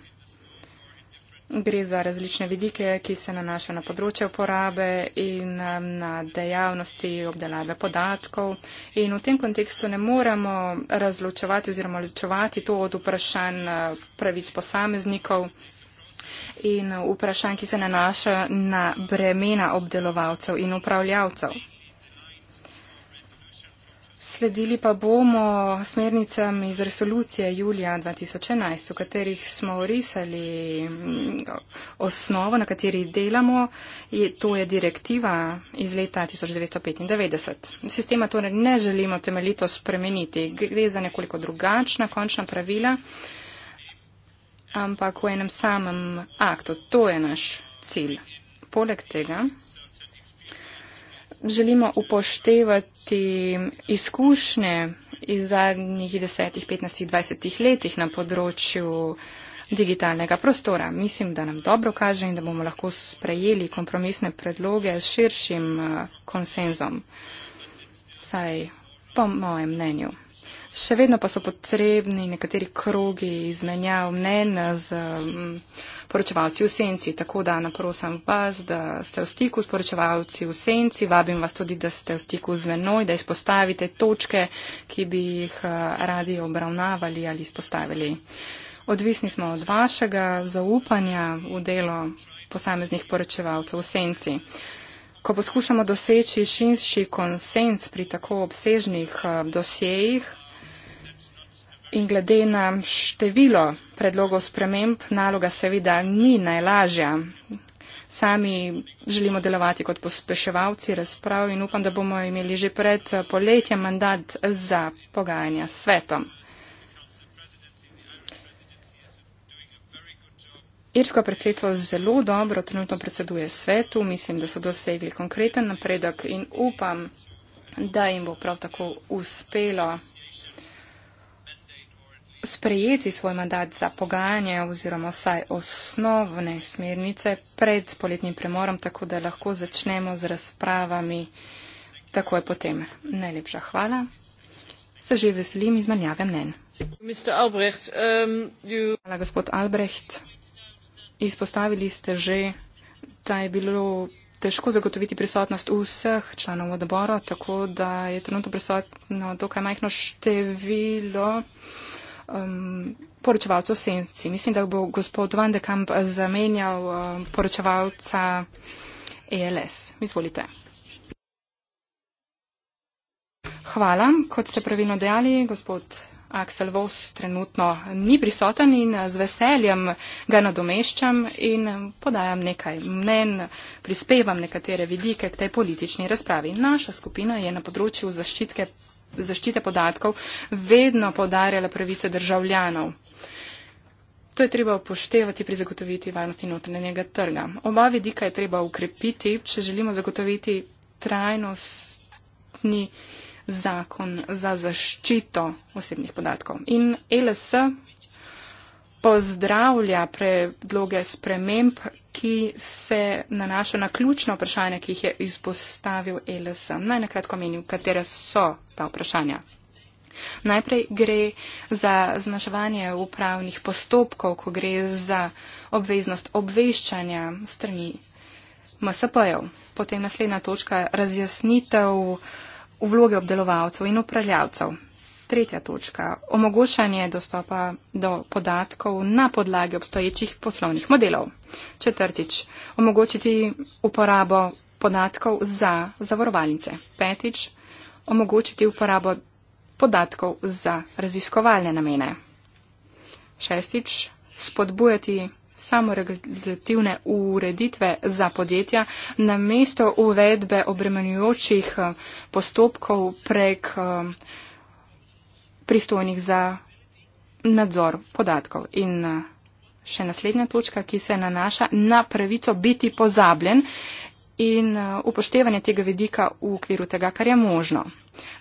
Gre za različne vidike, ki se nanašajo na področje uporabe in um, na dejavnosti obdelave podatkov. In v tem kontekstu ne moremo razločevati oziroma ločevati to od vprašanj uh, pravic posameznikov in uh, vprašanj, ki se nanašajo na bremena obdelovalcev in upravljavcev. Sledili pa bomo smernicam iz resolucije julija 2011, v katerih smo orisali mm, osnovo, na kateri delamo. To je direktiva iz leta 1995. Sistema torej ne želimo temeljito spremeniti. Gre za nekoliko drugačna končna pravila, ampak v enem samem aktu. To je naš cilj. Poleg tega želimo upoštevati izkušnje iz zadnjih 10, 15, 20 letih na področju digitalnega prostora. Mislim, da nam dobro kaže in da bomo lahko sprejeli kompromisne predloge s širšim eh, konsenzom, vsaj po mojem mnenju. Še vedno pa so potrebni nekateri krogi izmenjav mnen z um, poročevalci v senci. Tako da naprosim vas, da ste v stiku s poročevalci v senci. Vabim vas tudi, da ste v stiku z menoj, da izpostavite točke, ki bi jih eh, radi obravnavali ali izpostavili. Odvisni smo od vašega zaupanja v delo posameznih poročevalcev v senci. Ko poskušamo doseči širši konsens pri tako obsežnih eh, dosejih, in glede na število predlogov sprememb naloga seveda ni najlažja. Sami želimo delovati kot pospeševalci razprav in upam, da bomo imeli že pred poletjem mandat za pogajanja s svetom. Irsko predsedstvo zelo dobro trenutno predseduje svetu, mislim, da so dosegli konkreten napredek in upam, da jim bo prav tako uspelo sprejeti svoj mandat za pogajanje oziroma vsaj osnovne smernice pred poletnim premorom, tako da lahko začnemo z razpravami takoj potem. Najlepša hvala. Se že veselim izmenjave mnen. Albrecht, um, you... Hvala, gospod Albrecht. Izpostavili ste že, da je bilo težko zagotoviti prisotnost vseh članov odbora, tako da je trenutno prisotno dokaj majhno število um, poročevalcu Senci. Mislim, da bo gospod Van de Kamp zamenjal um, poročevalca ELS. Izvolite. Hvala. Kot ste pravilno dejali, gospod Aksel Vos trenutno ni prisoten in eh, z veseljem ga nadomeščam in eh, podajam nekaj mnen, prispevam nekatere vidike k tej politični razpravi. Naša skupina je na področju zaščitke zaščite podatkov vedno podarjala pravice državljanov. To je treba upoštevati pri zagotoviti varnosti notranjega trga. Oba vidika je treba ukrepiti, če želimo zagotoviti trajnostni zakon za zaščito osebnih podatkov. In LS pozdravlja predloge sprememb, ki se nanaša na ključno vprašanje, ki jih je izpostavil e LS. Naj nakratko menim, katere so ta vprašanja. Najprej gre za zmaševanje upravnih postopkov, ko gre za obveznost obveščanja strani MSP-jev. Potem naslednja točka razjasnitev vloge obdelovalcev in upravljavcev. Tretja točka. Omogočanje dostopa do podatkov na podlagi obstoječih poslovnih modelov. Četrtič. Omogočiti uporabo podatkov za zavarovalnice. Petič. Omogočiti uporabo podatkov za raziskovalne namene. Šestič. Spodbujati samoregulativne ureditve za podjetja na mesto uvedbe obremenjujočih postopkov prek pristojnih za nadzor podatkov. In eh, še naslednja točka, ki se nanaša na pravico biti pozabljen in eh, upoštevanje tega vidika v okviru tega, kar je možno.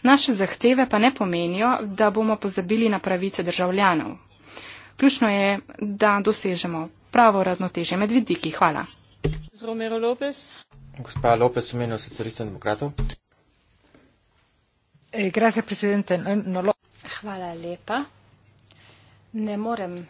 Naše zahteve pa ne pomenijo, da bomo pozabili na pravice državljanov. Ključno je, da dosežemo pravo ravnoteže med vidiki. Hvala. Gospa Lopes, v imenu socialistov in demokratov. Eh, gracias, Hvala lepa. Ne morem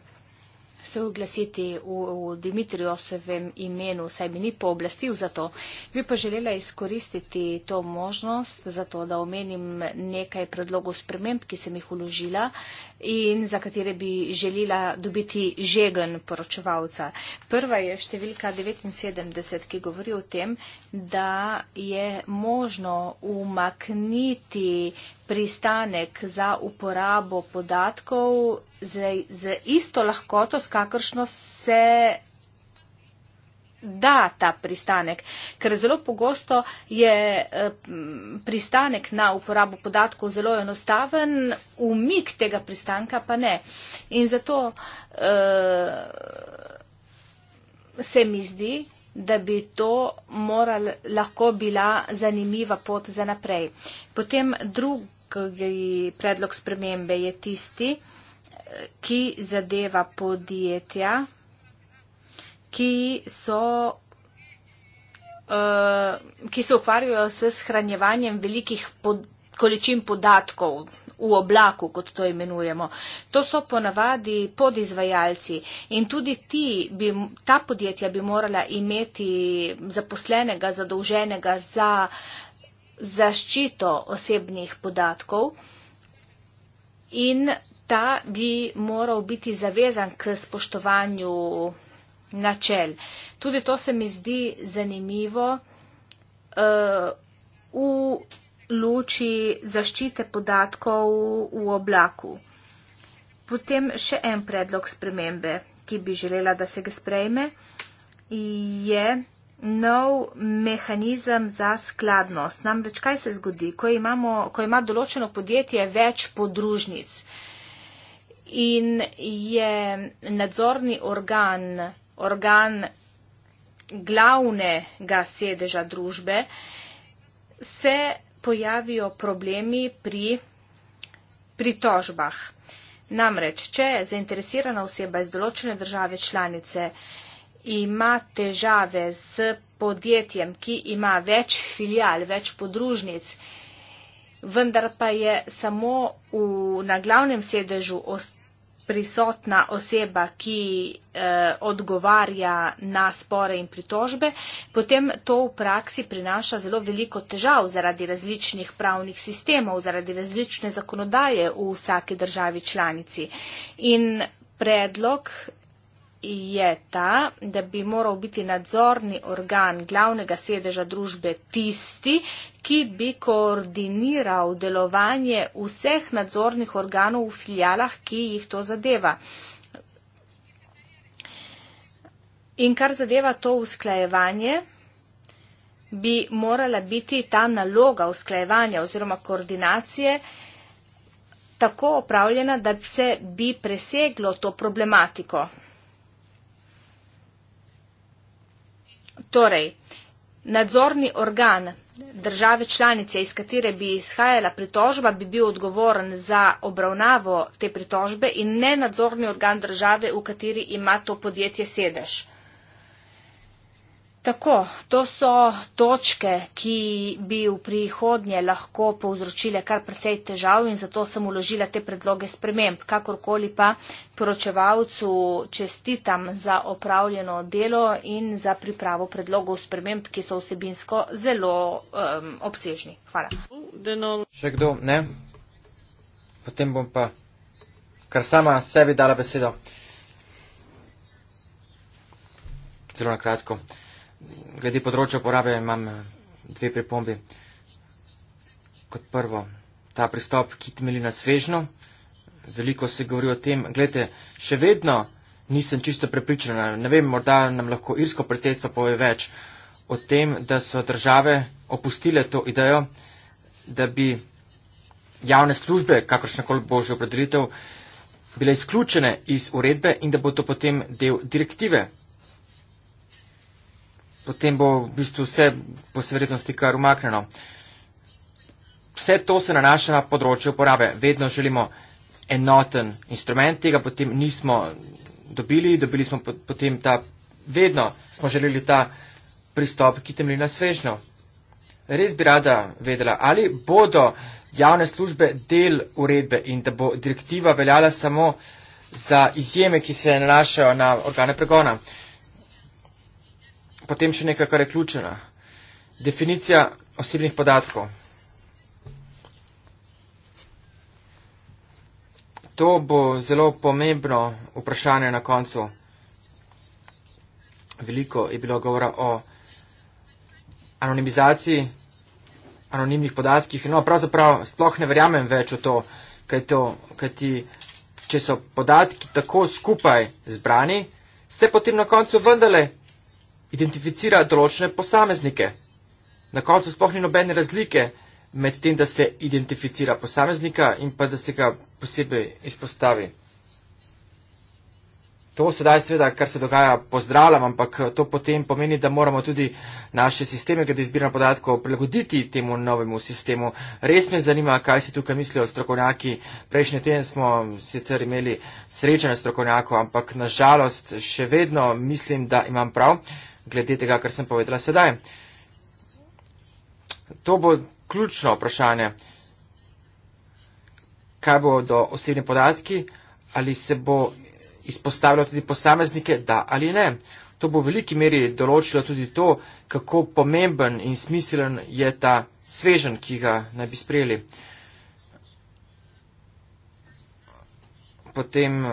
se oglasiti v, v Dimitrijosevem imenu, saj mi ni pooblastil za to. Bi pa želela izkoristiti to možnost za to, da omenim nekaj predlogov sprememb, ki sem jih uložila in za katere bi želela dobiti žegen poročevalca. Prva je številka 79, ki govori o tem, da je možno umakniti pristanek za uporabo podatkov z, z isto lahkoto, s kakršno se da ta pristanek, ker zelo pogosto je eh, pristanek na uporabo podatkov zelo enostaven, umik tega pristanka pa ne. In zato uh, se mi zdi, da bi to moral, lahko bila zanimiva pot za naprej. Potem drug, ki predlog spremembe je tisti, ki zadeva podjetja, ki so eh, ki se ukvarjajo s shranjevanjem velikih pod, količin podatkov v oblaku, kot to imenujemo. To so ponavadi podizvajalci in tudi ti bi, ta podjetja bi morala imeti zaposlenega, zadolženega za uh, zaščito osebnih podatkov in ta bi moral biti zavezan k spoštovanju načel. Tudi to se mi zdi zanimivo uh, v luči zaščite podatkov v oblaku. Potem še en predlog spremembe, ki bi želela, da se ga sprejme, je nov mehanizem za skladnost. Namreč kaj se zgodi, ko, imamo, ko ima določeno podjetje več podružnic in je nadzorni organ, organ glavnega sedeža družbe, se pojavijo problemi pri pritožbah. Namreč, če je zainteresirana oseba iz določene države članice, ima težave z podjetjem, ki ima več filial, več podružnic, vendar pa je samo v, na glavnem sedežu os, prisotna oseba, ki eh, odgovarja na spore in pritožbe, potem to v praksi prinaša zelo veliko težav zaradi različnih pravnih sistemov, zaradi različne zakonodaje v vsaki državi članici. In predlog je ta, da bi moral biti nadzorni organ glavnega sedeža družbe tisti, ki bi koordiniral delovanje vseh nadzornih organov v filijalah, ki jih to zadeva. In kar zadeva to usklajevanje, bi morala biti ta naloga usklajevanja oziroma koordinacije tako opravljena, da se bi preseglo to problematiko. Torej, nadzorni organ države članice, iz katere bi izhajala pritožba, bi bil odgovoren za obravnavo te pritožbe in ne nadzorni organ države, v kateri ima to podjetje sedež. Tako, to so točke, ki bi v prihodnje lahko povzročile kar precej težav in zato sem uložila te predloge sprememb. Kakorkoli pa poročevalcu čestitam za opravljeno delo in za pripravo predlogov sprememb, ki so vsebinsko zelo um, obsežni. Hvala. Še kdo? Ne? Potem bom pa kar sama sebi dala besedo. Zelo na kratko. Glede področja uporabe imam eh, dve pripombi. Kot prvo, ta pristop, ki temelji na svežnju, veliko se govori o tem, gledajte, še vedno nisem čisto prepričana, ne vem, morda nam lahko irsko predsedstvo pove več o tem, da so države opustile to idejo, da bi javne službe, kakršnakoli božjo opredelitev, bile izključene iz uredbe in da bo to potem del direktive potem bo v bistvu vse posrednosti kar umaknjeno. Vse to se nanaša na področje uporabe. Vedno želimo enoten instrument, tega potem nismo dobili, dobili smo potem ta, vedno smo želeli ta pristop, ki temelji na svežnju. Res bi rada vedela, ali bodo javne službe del uredbe in da bo direktiva veljala samo za izjeme, ki se nanašajo na organe pregona. Potem še nekaj, kar je ključna. Definicija osebnih podatkov. To bo zelo pomembno vprašanje na koncu. Veliko je bilo govora o anonimizaciji, anonimnih podatkih. No, pravzaprav sploh ne verjamem več v to, kaj, to, kaj ti, če so podatki tako skupaj zbrani, se potem na koncu vendale identificira določene posameznike. Na koncu sploh ni nobene razlike med tem, da se identificira posameznika in pa da se ga posebej izpostavi. To sedaj seveda, kar se dogaja, pozdravljam, ampak to potem pomeni, da moramo tudi naše sisteme, glede izbiranja podatkov, prilagoditi temu novemu sistemu. Res me zanima, kaj si tukaj mislijo strokovnjaki. Prejšnji teden smo sicer imeli srečanje strokovnjakov, ampak nažalost še vedno mislim, da imam prav glede tega, kar sem povedala sedaj. To bo ključno vprašanje, kaj bo do osebni podatki, ali se bo izpostavljalo tudi posameznike, da ali ne. To bo v veliki meri določilo tudi to, kako pomemben in smiselen je ta svežen, ki ga naj bi sprejeli. potem eh,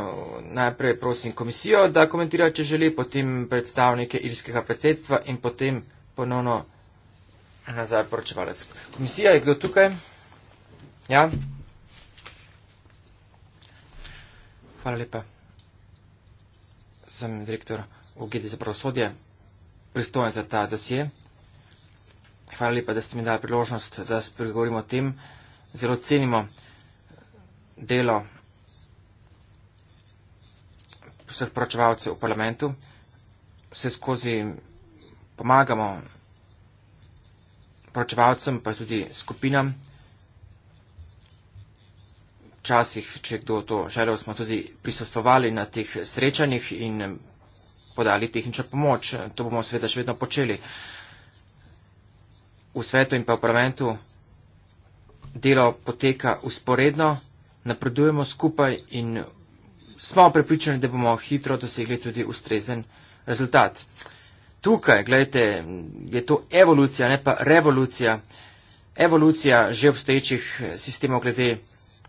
najprej prosim komisijo, da komentira, če želi, potem predstavnike irskega predsedstva in potem ponovno nazaj poročevalec. Komisija je kdo tukaj? Ja? Hvala lepa. Sem direktor UGD za pravosodje, pristojen za ta dosje. Hvala lepa, da ste mi dali priložnost, da spregovorimo o tem. Zelo cenimo delo vseh poročevalcev v parlamentu, vse skozi pomagamo poročevalcem, pa tudi skupinam. Včasih, če kdo to želel, smo tudi prisostovali na teh srečanjih in podali tehnično pomoč. To bomo seveda še vedno počeli. V svetu in pa v parlamentu delo poteka usporedno, napredujemo skupaj in smo prepričani, da bomo hitro dosegli tudi ustrezen rezultat. Tukaj, gledajte, je to evolucija, ne pa revolucija. Evolucija že obstoječih sistemov glede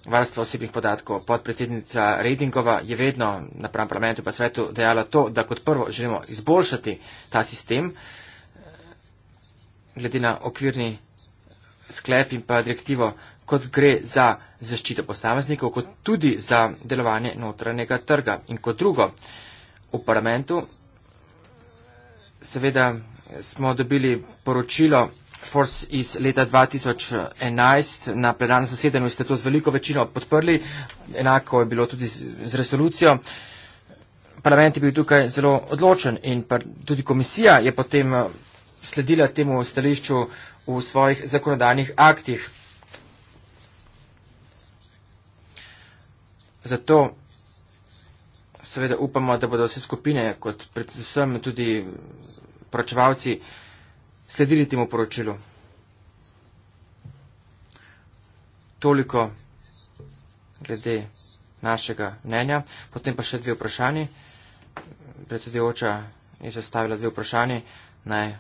varstva osebnih podatkov. Podpredsednica Redingova je vedno na pravem parlamentu pa svetu dejala to, da kot prvo želimo izboljšati ta sistem eh, glede na okvirni sklep in pa direktivo kot gre za zaščito posameznikov, kot tudi za delovanje notranjega trga. In kot drugo, v parlamentu seveda smo dobili poročilo Force iz leta 2011. Na plenarnem zasedanju ste to z veliko večino podprli, enako je bilo tudi z, z resolucijo. Parlament je bil tukaj zelo odločen in tudi komisija je potem eh, sledila temu stališču v svojih zakonodajnih aktih. Zato seveda upamo, da bodo vse skupine, kot predvsem tudi poročevalci, sledili temu poročilu. Toliko glede našega mnenja. Potem pa še dve vprašanje. Predsedujoča je zastavila dve vprašanje. Naj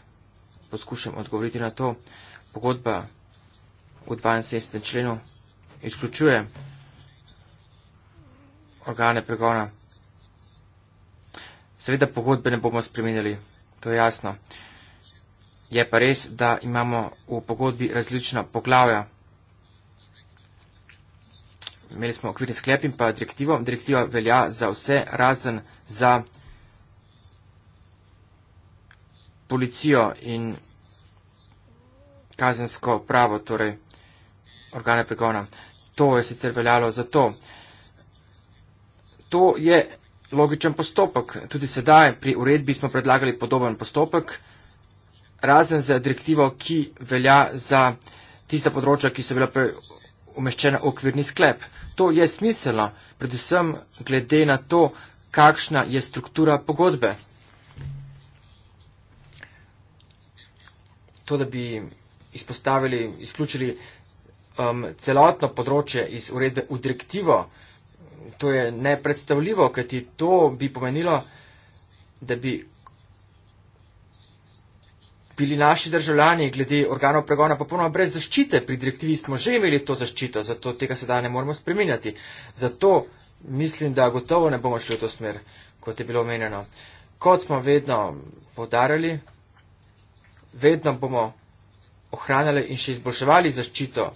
poskušam odgovoriti na to. Pogodba v 72. členu izključuje organe pregona. Seveda pogodbe ne bomo spremenili, to je jasno. Je pa res, da imamo v pogodbi različna poglavja. Imeli smo okvirni sklep in pa direktivo. Direktiva velja za vse, razen za policijo in kazensko pravo, torej organe pregona. To je sicer veljalo za to to je logičen postopek. Tudi sedaj pri uredbi smo predlagali podoben postopek, razen za direktivo, ki velja za tista področja, ki so bila prej umeščena v okvirni sklep. To je smiselno, predvsem glede na to, kakšna je struktura pogodbe. To, da bi izpostavili, izključili um, celotno področje iz uredbe v direktivo, to je nepredstavljivo, kajti to bi pomenilo, da bi bili naši državljani glede organov pregona popolnoma brez zaščite. Pri direktivi smo že imeli to zaščito, zato tega sedaj ne moremo spreminjati. Zato mislim, da gotovo ne bomo šli v to smer, kot je bilo omenjeno. Kot smo vedno podarjali, vedno bomo ohranjali in še izboljševali zaščito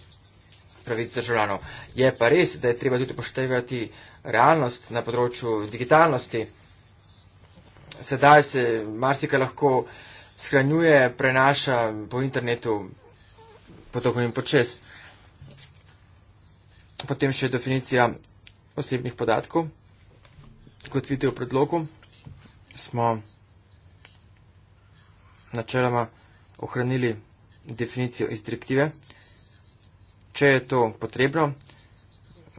pravic državljanov. Je pa res, da je treba tudi poštevati realnost na področju digitalnosti. Sedaj se marsika lahko skranjuje, prenaša po internetu, potokom in počes. Potem še definicija osebnih podatkov. Kot vidite v predlogu, smo načeloma ohranili definicijo iz direktive če je to potrebno,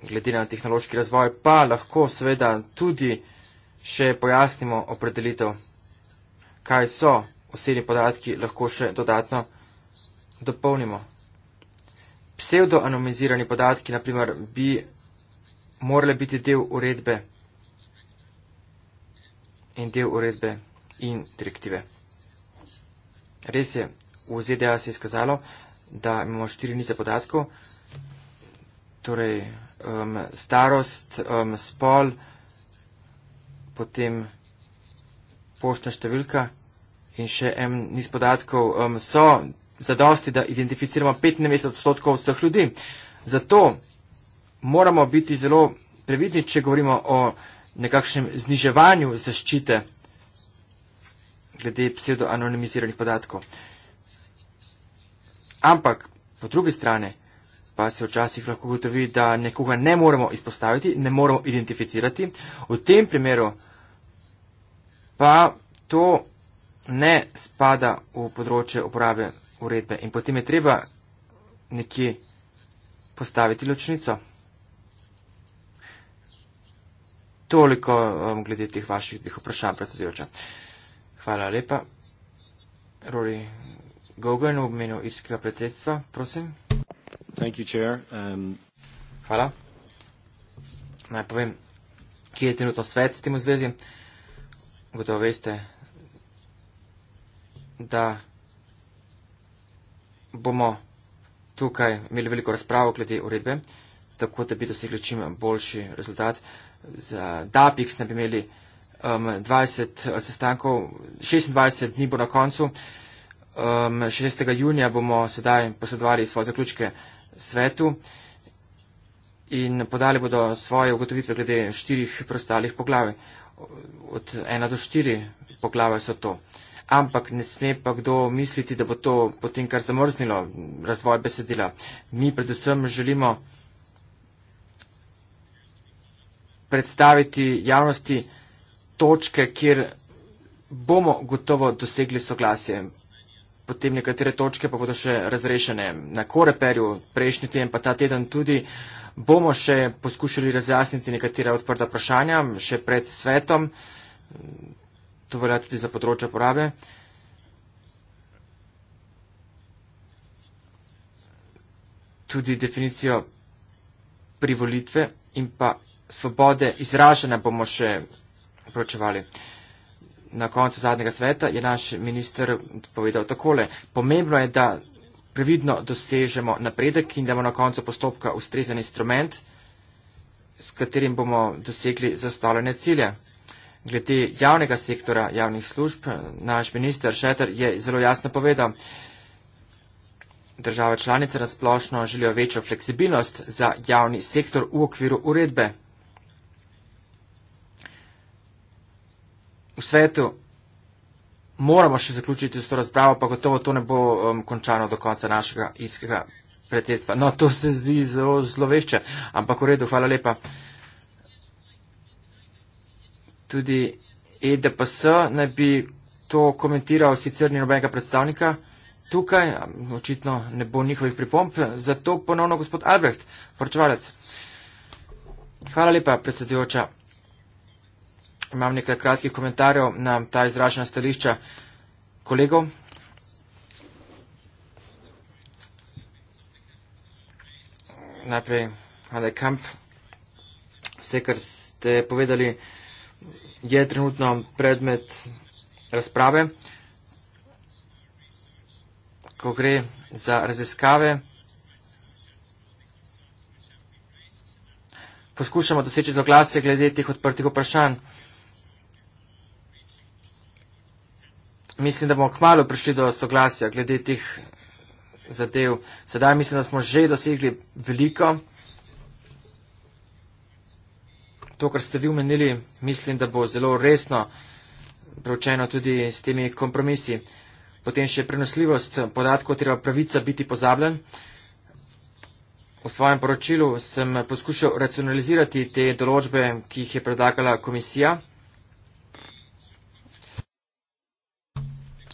glede na tehnološki razvoj, pa lahko seveda tudi še pojasnimo opredelitev, kaj so osebni podatki, lahko še dodatno dopolnimo. Pseudoanomizirani podatki, naprimer, bi morali biti del uredbe in del uredbe in direktive. Res je, v ZDA se je skazalo, da imamo štiri nize podatkov, torej um, starost, um, spol, potem poštna številka in še en niz podatkov um, so zadosti, da identificiramo 95 odstotkov vseh ljudi. Zato moramo biti zelo previdni, če govorimo o nekakšnem zniževanju zaščite glede pseudoanonimiziranih podatkov. Ampak po drugi strani pa se včasih lahko gotovi, da nekoga ne moremo izpostaviti, ne moremo identificirati. V tem primeru pa to ne spada v področje uporabe uredbe in potem je treba nekje postaviti ločnico. Toliko um, glede teh vaših dveh vprašanj, predsedujoča. Hvala lepa. Rory. Gogan v imenu irskega predsedstva, prosim. Thank you, chair. Um... Hvala. Naj povem, kje je trenutno svet s tem v zvezi. Gotovo veste, da bomo tukaj imeli veliko razpravo glede uredbe, tako da bi dosegli čim boljši rezultat. Za DAPIX ne bi imeli um, 20 eh, sestankov, 26 dni bo na koncu. Um, ehm, 16. junija bomo sedaj posredovali svoje zaključke svetu in podali bodo svoje ugotovitve glede štirih prostalih poglave. Od ena do štiri poglave so to. Ampak ne sme pa kdo misliti, da bo to potem kar zamrznilo razvoj besedila. Mi predvsem želimo predstaviti javnosti točke, kjer bomo gotovo dosegli soglasje potem nekatere točke pa bodo še razrešene. Na Koreperju prejšnji teden pa ta teden tudi bomo še poskušali razjasniti nekatera odprta vprašanja še pred svetom. To velja tudi za področje porabe. Tudi definicijo privolitve in pa svobode izražanja bomo še pročevali na koncu zadnjega sveta je naš minister povedal takole. Pomembno je, da previdno dosežemo napredek in da imamo na koncu postopka ustrezen instrument, s katerim bomo dosegli zastavljene cilje. Glede javnega sektora, javnih služb, naš minister Šeter je zelo jasno povedal, države članice nasplošno želijo večjo fleksibilnost za javni sektor v okviru uredbe. v svetu. Moramo še zaključiti s to razpravo, pa gotovo to ne bo um, končano do konca našega iskrega predsedstva. No, to se zdi zelo zlovešče, ampak v redu, hvala lepa. Tudi EDPS ne bi to komentiral, sicer ni nobenega predstavnika tukaj, očitno ne bo njihovih pripomp, zato ponovno gospod Albrecht, poročevalec. Hvala lepa, predsedujoča imam nekaj kratkih komentarjev na ta izražena stališča kolegov. Najprej, Hadaj Kamp, vse, kar ste povedali, je trenutno predmet razprave. Ko gre za raziskave, poskušamo doseči zaglase glede teh odprtih vprašanj. mislim, da bomo kmalo prišli do soglasja glede teh zadev. Sedaj mislim, da smo že dosegli veliko. To, kar ste vi omenili, mislim, da bo zelo resno preučeno tudi s temi kompromisi. Potem še prenosljivost podatkov, treba pravica biti pozabljen. V svojem poročilu sem poskušal racionalizirati te določbe, ki jih je predlagala komisija.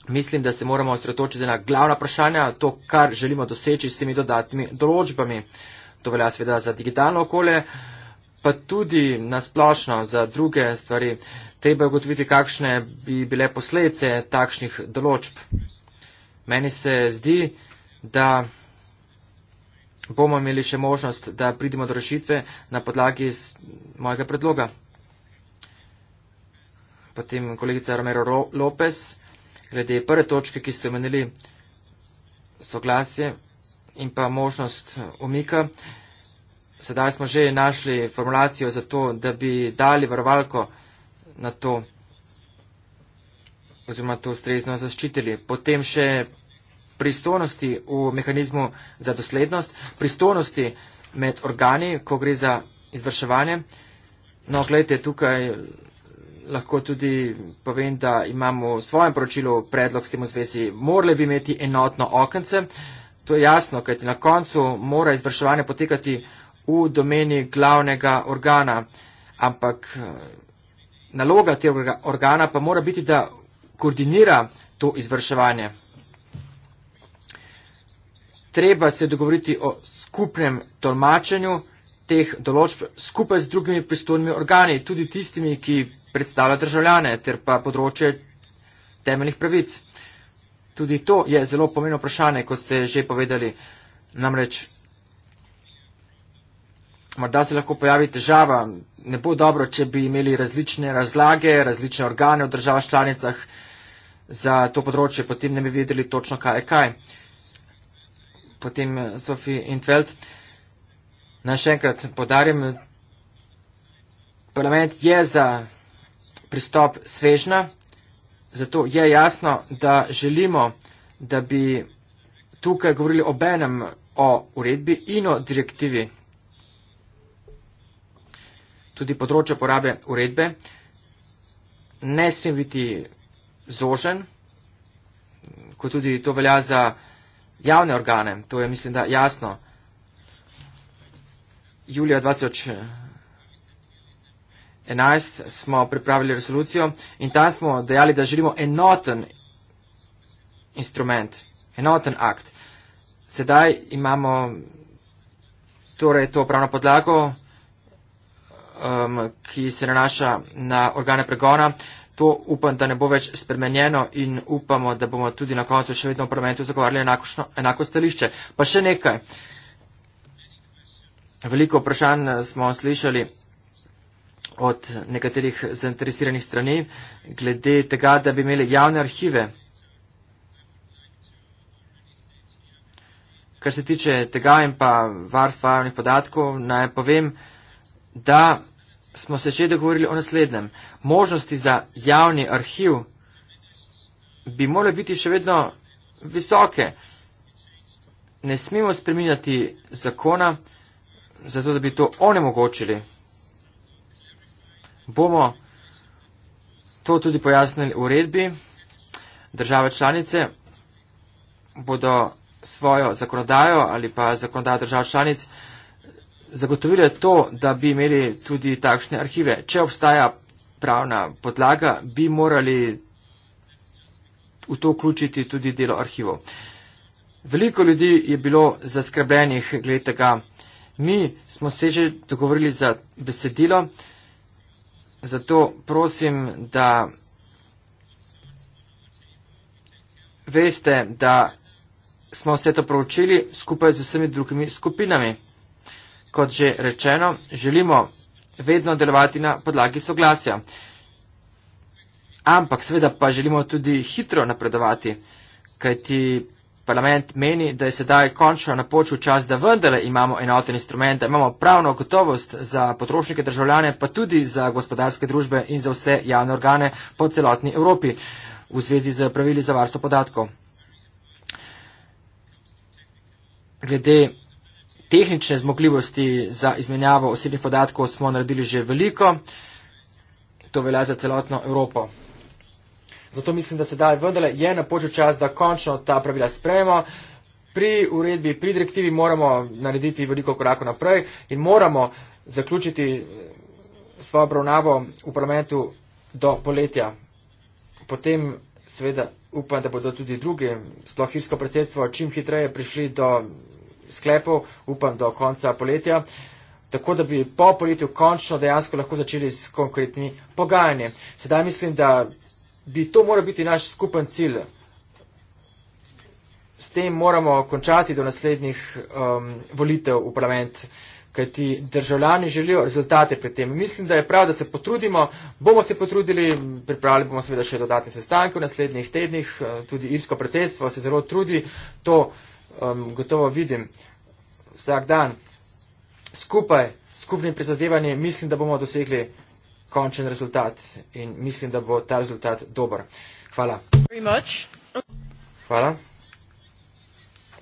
mislim, da se moramo osredotočiti na glavna vprašanja, to, kar želimo doseči s temi dodatnimi določbami. To velja seveda za digitalno okolje, pa tudi nasplošno za druge stvari. Treba je ugotoviti, kakšne bi bile posledice takšnih določb. Meni se zdi, da bomo imeli še možnost, da pridemo do rešitve na podlagi mojega predloga. Potem kolegica Romero Lopez glede prve točke, ki ste omenili, soglasje in pa možnost umika. Sedaj smo že našli formulacijo za to, da bi dali varovalko na to oziroma to ustrezno zaščitili. Potem še pristojnosti v mehanizmu za doslednost, pristojnosti med organi, ko gre za izvrševanje. No, gledajte, tukaj lahko tudi povem, da imamo v svojem poročilu predlog s tem v zvezi, morali bi imeti enotno okence. To je jasno, kajti na koncu mora izvrševanje potekati v domeni glavnega organa, ampak eh, naloga tega organa pa mora biti, da koordinira to izvrševanje. Treba se dogovoriti o skupnem tolmačenju, teh določb skupaj z drugimi pristojnimi organi, tudi tistimi, ki predstavlja državljane ter pa področje temeljnih pravic. Tudi to je zelo pomeno vprašanje, kot ste že povedali. Namreč, morda se lahko pojavi težava. Ne bo dobro, če bi imeli različne razlage, različne organe v državah članicah za to področje, potem ne bi vedeli točno, kaj je kaj. Potem Sofi Intveld. Uh, Naj še enkrat podarim, parlament je za pristop svežna, zato je jasno, da želimo, da bi tukaj govorili o benem o uredbi in o direktivi. Tudi področje porabe uredbe ne sme biti zožen, kot tudi to velja za javne organe. To je, mislim, da jasno julija 2011 smo pripravili resolucijo in tam smo dejali, da želimo enoten instrument, enoten akt. Sedaj imamo torej to pravno podlago, um, ki se nanaša na organe pregona. To upam, da ne bo več spremenjeno in upamo, da bomo tudi na koncu še vedno v parlamentu zagovarjali enako, enako stališče. Pa še nekaj. Uh, Veliko vprašanj eh, smo slišali od nekaterih zainteresiranih strani glede tega, da bi imeli javne arhive. Kar se tiče tega in pa varstva javnih podatkov, naj povem, da smo se že dogovorili o naslednjem. Možnosti za javni arhiv bi morale biti še vedno visoke. Ne smemo spreminjati zakona zato da bi to onemogočili. Bomo to tudi pojasnili v redbi. Države članice bodo svojo zakonodajo ali pa zakonodajo držav članic zagotovile to, da bi imeli tudi takšne arhive. Če obstaja pravna podlaga, bi morali v to vključiti tudi delo arhivov. Veliko ljudi je bilo zaskrbljenih glede tega, Mi smo se že dogovorili za besedilo, zato prosim, da veste, da smo vse to proučili skupaj z vsemi drugimi skupinami. Kot že rečeno, želimo vedno delovati na podlagi soglasja. Ampak seveda pa želimo tudi hitro napredovati, kajti Parlament meni, da je sedaj končno napočil čas, da vendarle imamo enoten instrument, da imamo pravno gotovost za potrošnike, državljane, pa tudi za gospodarske družbe in za vse javne organe po celotni Evropi v zvezi z pravili za varstvo podatkov. Glede tehnične zmogljivosti za izmenjavo osebnih podatkov smo naredili že veliko, to velja za celotno Evropo. Zato mislim, da sedaj vendarle je na počo čas, da končno ta pravila sprejmo. Pri uredbi, pri direktivi moramo narediti veliko korakov naprej in moramo zaključiti eh, svojo obravnavo v parlamentu do poletja. Potem seveda upam, da bodo tudi drugi, sploh hirsko predsedstvo, čim hitreje prišli do sklepov, upam do konca poletja, tako da bi po poletju končno dejansko lahko začeli s konkretnimi pogajanji. Sedaj mislim, da bi to moral biti naš skupen cilj. S tem moramo končati do naslednjih um, volitev v parlament, kajti državljani želijo rezultate pri tem. Mislim, da je prav, da se potrudimo, bomo se potrudili, pripravili bomo seveda še dodatne sestanke v naslednjih tednih, uh, tudi irsko predsedstvo se zelo trudi, to um, gotovo vidim vsak dan. Skupaj, skupni prizadevanje, mislim, da bomo dosegli končen rezultat in mislim, da bo ta rezultat dober. Hvala. Hvala.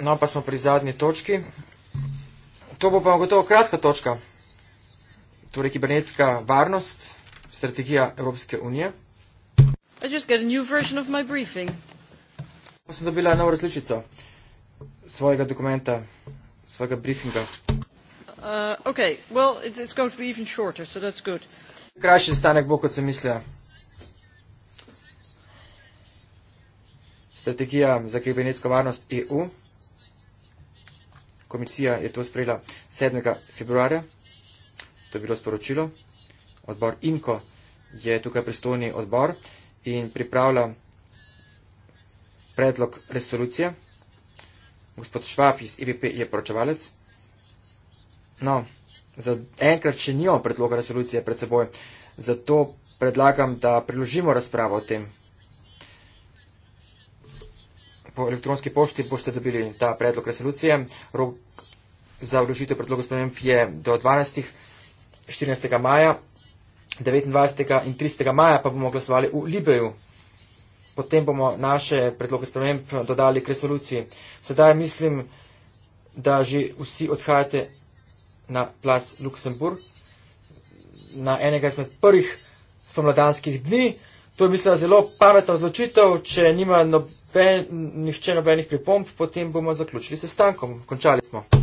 No, pa smo pri zadnji točki. To bo pa gotovo kratka točka. Torej, kibernetska varnost, strategija Evropske unije. Sem dobila novo različico svojega dokumenta, svojega briefinga. Uh, okay. well, it's, it's krajši sestanek bo, kot sem mislila. Strategija za kibernetsko varnost EU. Komisija je to sprejela 7. februarja. To je bilo sporočilo. Odbor INKO je tukaj pristojni odbor in pripravlja predlog resolucije. Gospod Švab iz EBP je poročevalec. No, za enkrat še nimamo predloga resolucije pred seboj, zato predlagam, da priložimo razpravo o tem. Po elektronski pošti boste dobili ta predlog resolucije. Rok za vložitev predloga sprememb je do 12. 14. maja, 29. in 30. maja pa bomo glasovali v Libeju. Potem bomo naše predloge sprememb dodali k resoluciji. Sedaj mislim, da že vsi odhajate na plas Luksemburg, na enega izmed prvih spomladanskih dni. To je, mislim, zelo pametna odločitev. Če nima noben, nihče nobenih pripomb, potem bomo zaključili sestankom. Končali smo.